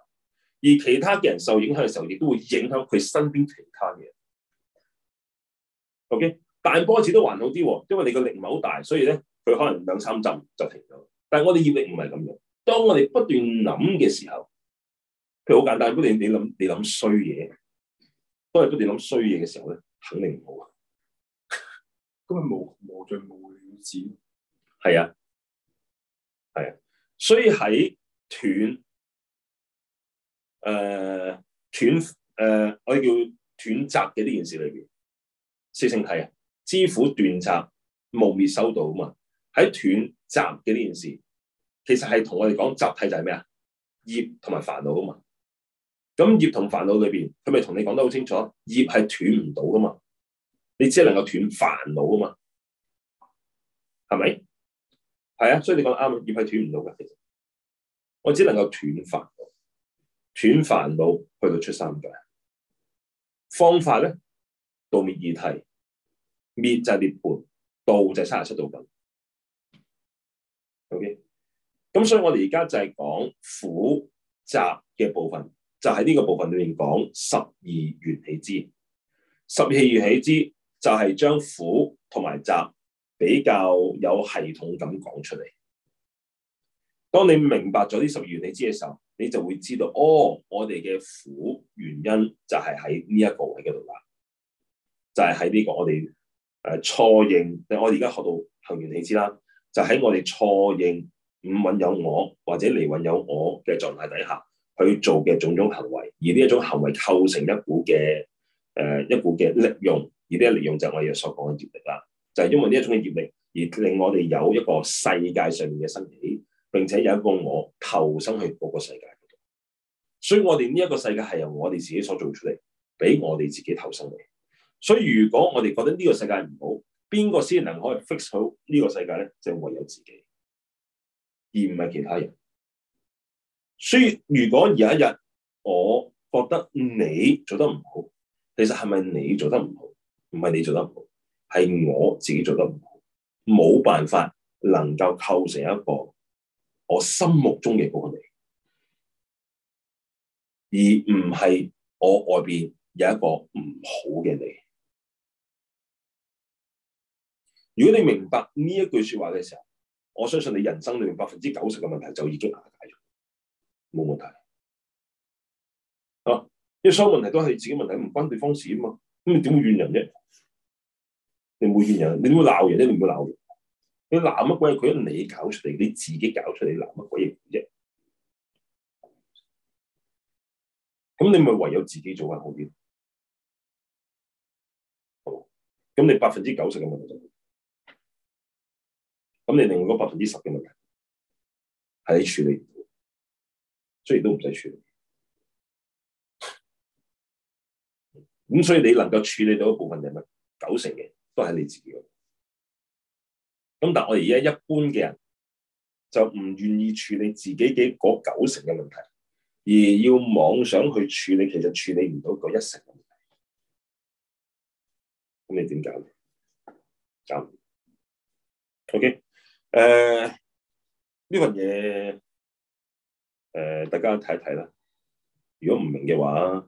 S1: 而其他嘅人受影響嘅時候，亦都會影響佢身邊其他嘅人。OK，但波子都還好啲喎，因為你個力唔係好大，所以咧佢可能兩三浸就停咗。但係我哋業力唔係咁樣，當我哋不斷諗嘅時候，譬如好簡單，如果你你諗你諗衰嘢，當係不斷諗衰嘢嘅時候咧，肯定唔好。都係無無盡無止，
S2: 係啊，係啊，所以喺斷
S1: 誒、呃、斷誒、呃，我哋叫斷集嘅呢件事裏邊，四聖諦啊，知苦斷集，慕滅修道啊嘛。喺斷集嘅呢件事，其實係同我哋講集諦就係咩啊？業同埋煩惱啊嘛。咁業同煩惱裏邊，佢咪同你講得好清楚，業係斷唔到噶嘛。你只係能夠斷煩惱啊嘛，
S2: 係
S1: 咪？係啊，所以你講啱啊，業係斷唔到嘅。其實我只能夠斷煩惱，斷煩惱去到出三界。方法咧，道滅二諦，滅就係涅槃，道就係三十七道品。OK，咁所以我哋而家就係講苦集嘅部分，就喺呢個部分裏面講十二緣起支。十二緣起支。就係將苦同埋雜比較有系統咁講出嚟。當你明白咗呢十二緣起支嘅時候，你就會知道，哦，我哋嘅苦原因就係喺呢一個位嗰度啦。就係喺呢個我哋誒錯認，我哋而家學到行緣起支啦，就喺我哋錯認五蘊，有我或者離蘊有我嘅狀態底下去做嘅種種行為，而呢一種行為構成一股嘅誒、呃、一股嘅力用。而啲利用就我哋所講嘅業力啦，就係、是、因為呢一種嘅業力而令我哋有一個世界上面嘅生起，並且有一個我投身去各個世界。所以我哋呢一個世界係由我哋自己所做出嚟，俾我哋自己投身嚟。所以如果我哋覺得呢個世界唔好，邊個先能可以 fix 好呢個世界咧？就唯有自己，而唔係其他人。所以如果有一日我覺得你做得唔好，其實係咪你做得唔好？唔係你做得唔好，係我自己做得唔好，冇辦法能夠構成一個我心目中嘅個你，而唔係我外面有一個唔好
S2: 嘅你。如果你明白呢一句說話嘅時候，我相信你人生裏面百分之九十嘅問題就已經解決咗，
S1: 冇問題。啊，
S2: 因為所有問題都係自己問題，唔關對方事啊嘛，
S1: 咁你點怨人啫？你唔會怨人，你唔會鬧人咧，你唔會鬧人。你鬧乜鬼？佢係你搞出嚟，你自己搞出嚟，鬧乜鬼嘢啫？
S2: 咁你咪唯有自己做返好啲。好，咁你百分之九十嘅問題，咁你另外百分之十嘅問題係你處理唔到，所以都唔使處理。咁所以你能
S1: 夠處理到一部分人，乜？九成嘅。都係你自己咯。咁但係我哋而家一般嘅人就唔願意處理自己嘅嗰九成嘅問題，而要妄想去處理，其實處理唔到嗰一成嘅問題。
S2: 咁你點解？搞唔掂？OK，誒
S1: 呢份嘢誒大家睇一睇啦。如果唔明嘅話。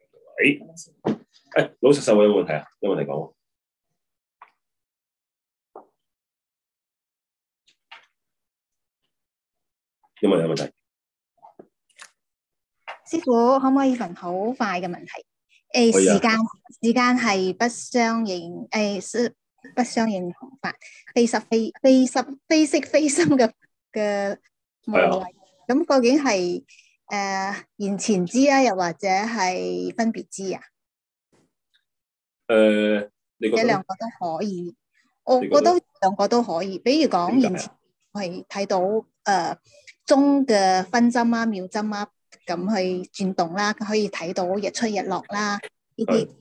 S1: 誒，誒，老實受我有冇問題啊，
S2: 有問題講。有問
S4: 題？師傅可唔可以問好快嘅問題？誒，時間時間係不相應誒，不相應同法，非色非非色非色非心嘅嘅問題，咁究竟係？誒，uh, 現前知啊，又或者係分別知啊？
S2: 誒、uh，呢兩
S4: 個都可以，覺我覺得兩個都可以。比如講，現前係睇到誒鐘嘅分針啊、秒針啊，咁去轉動啦、啊，可以睇到日出日落啦、啊，呢啲誒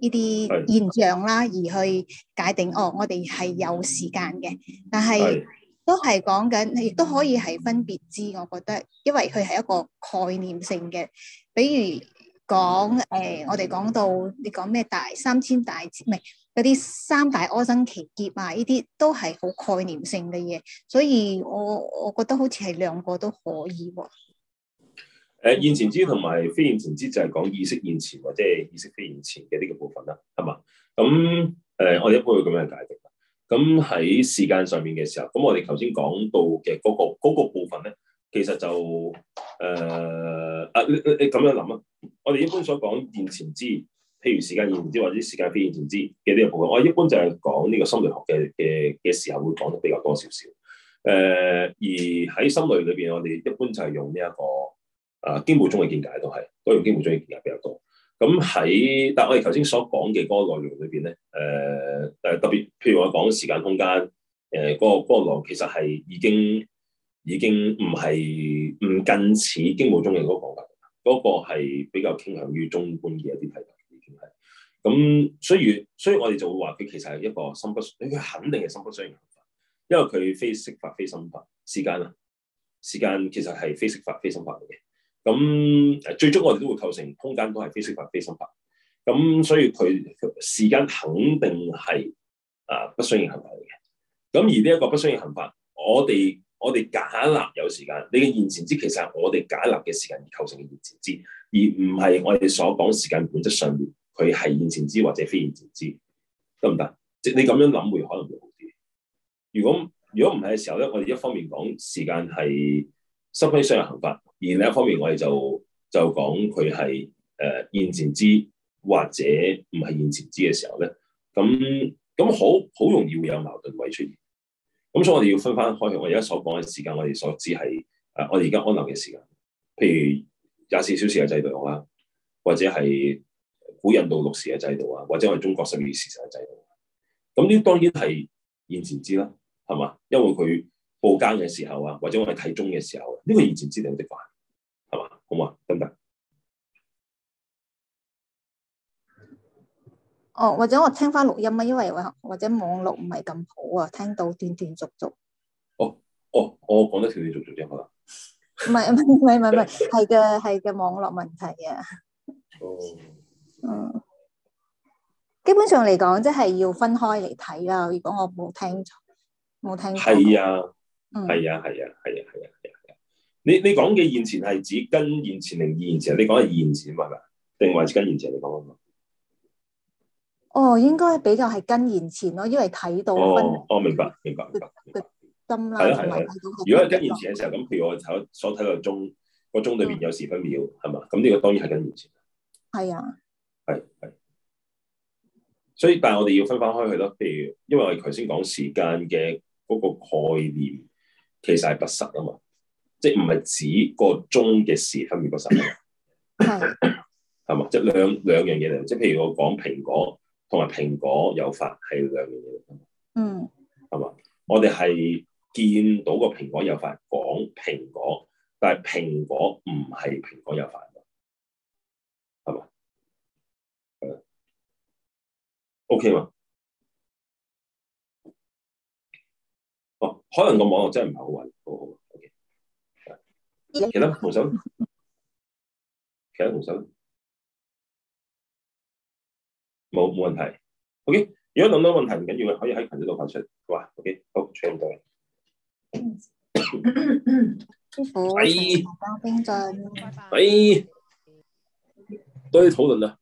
S4: 呢啲現象啦、啊，而去界定的哦，我哋係有時間嘅，但係。都係講緊，亦都可以係分別知。我覺得，因為佢係一個概念性嘅，比如講，誒、呃，我哋講到你講咩大三千大唔係嗰啲三大阿僧祇劫啊，呢啲都係好概念性嘅嘢。所以我我覺得好似係兩個都可以喎、
S1: 啊。誒、呃，現前知同埋非現前知，就係講意識現前或者意識非現前嘅呢個部分啦，係嘛？咁誒、呃，我一般會咁樣解釋。咁喺時間上面嘅時候，咁我哋頭先講到嘅嗰、嗰個嗰個部分咧，其實就誒啊、呃，你你咁樣諗啊，我哋一般所講現前知，譬如時間現前知或者時間非現前知嘅呢個部分，我一般就係講呢個心類學嘅嘅嘅時候會講得比較多少少，誒、呃、而喺心類裏邊，我哋一般就係用呢、呢、一個啊經部宗嘅見解都係都用經部宗嘅見解比較多。咁喺，但係我哋頭先所講嘅嗰個內容裏邊咧，誒、呃、誒特別，譬如我講時間空間，誒、呃、嗰、嗰個嗰個浪，其實係已經已經唔係唔近似經部中嘅嗰個講法，嗰、嗰個係比較傾向於中觀嘅一啲睇法。咁雖然所以我哋就會話佢其實係一個心不，佢肯定係心不相應行法，因為佢非色法非心法，時間啊，時間其實係非色法非心法嚟嘅。咁最終我哋都會構成空間都係非色法、非心法。咁所以佢時間肯定係啊不相應行法嚟嘅。咁而呢一個不相應行法，我哋我哋假立有時間，你嘅現前知其實係我哋假立嘅時間而構成嘅現前知，而唔係我哋所講時間本質上面。佢係現前知或者非現前知，得唔得？即係你咁樣諗會可能會好啲。如果如果唔係嘅時候咧，我哋一方面講時間係收起商業行法，而另一方面我，我哋就就講佢係誒現前知，或者唔係現前知嘅時候咧，咁咁好好容易會有矛盾位出現。咁所以我，我哋要分翻開去。我而家所講嘅時間，我哋所知係誒、啊、我哋而家安立嘅時間。譬如廿四小時嘅制度啊，或者係古印度六時嘅制度啊，或者我哋中國十二時辰嘅制度。咁呢，當然係現前知啦，係嘛？因為佢。報更嘅時候啊，或者我係睇中嘅時候，啊、這個，呢個完全知你點辦，係嘛？好唔好啊？得唔得？
S4: 哦，或者我聽翻錄音啊，因為或者網絡唔係咁好啊，聽到斷斷續續。
S1: 哦哦，我講得斷斷續續啫，好嘛？
S4: 唔係唔係唔係唔係，係嘅係嘅，網絡問題啊。哦，嗯，基本上嚟講，即係要分開嚟睇啦。如果我冇聽錯，冇聽錯。係啊。係、mm. 啊，
S1: 係啊，係啊，係啊，係啊，係啊！你你講嘅現前係指跟現前定二現前？你講係二現前嘛？係咪？定還是跟現前你講啊？
S4: 哦，應該比較係跟現前咯，因為睇到哦
S1: 哦，明白明白。
S4: 咁啦，同埋、啊啊啊、如果
S1: 係跟現前嘅時候，咁譬如我所睇個鐘，個鐘裏邊有時分秒，係嘛、嗯？咁呢個當然係跟現前。係啊，
S4: 係係。
S1: 所以，但係我哋要分翻開去咯。譬如，因為我哋頭先講時間嘅嗰個概念。其實係不實啊嘛，即係唔係指個鐘嘅時分辨不實，係嘛？ 即係兩兩樣嘢嚟，即係譬如我講蘋果，同埋蘋果有法係兩樣嘢嚟，嗯，係嘛？我哋係見到個蘋果有法，講蘋果，但係蘋果唔係蘋果有法，係嘛？誒
S2: ，OK 嘛？可能個網絡真係唔係好穩，好好。O、okay. K，Yeah. 其他同手， 其他同手，冇冇問題。O、okay.
S1: K，如果諗到問題唔緊要嘅，可以喺群組度發出。好啊，O K，好，全部。
S4: 師
S1: 傅父，多啲討論啦。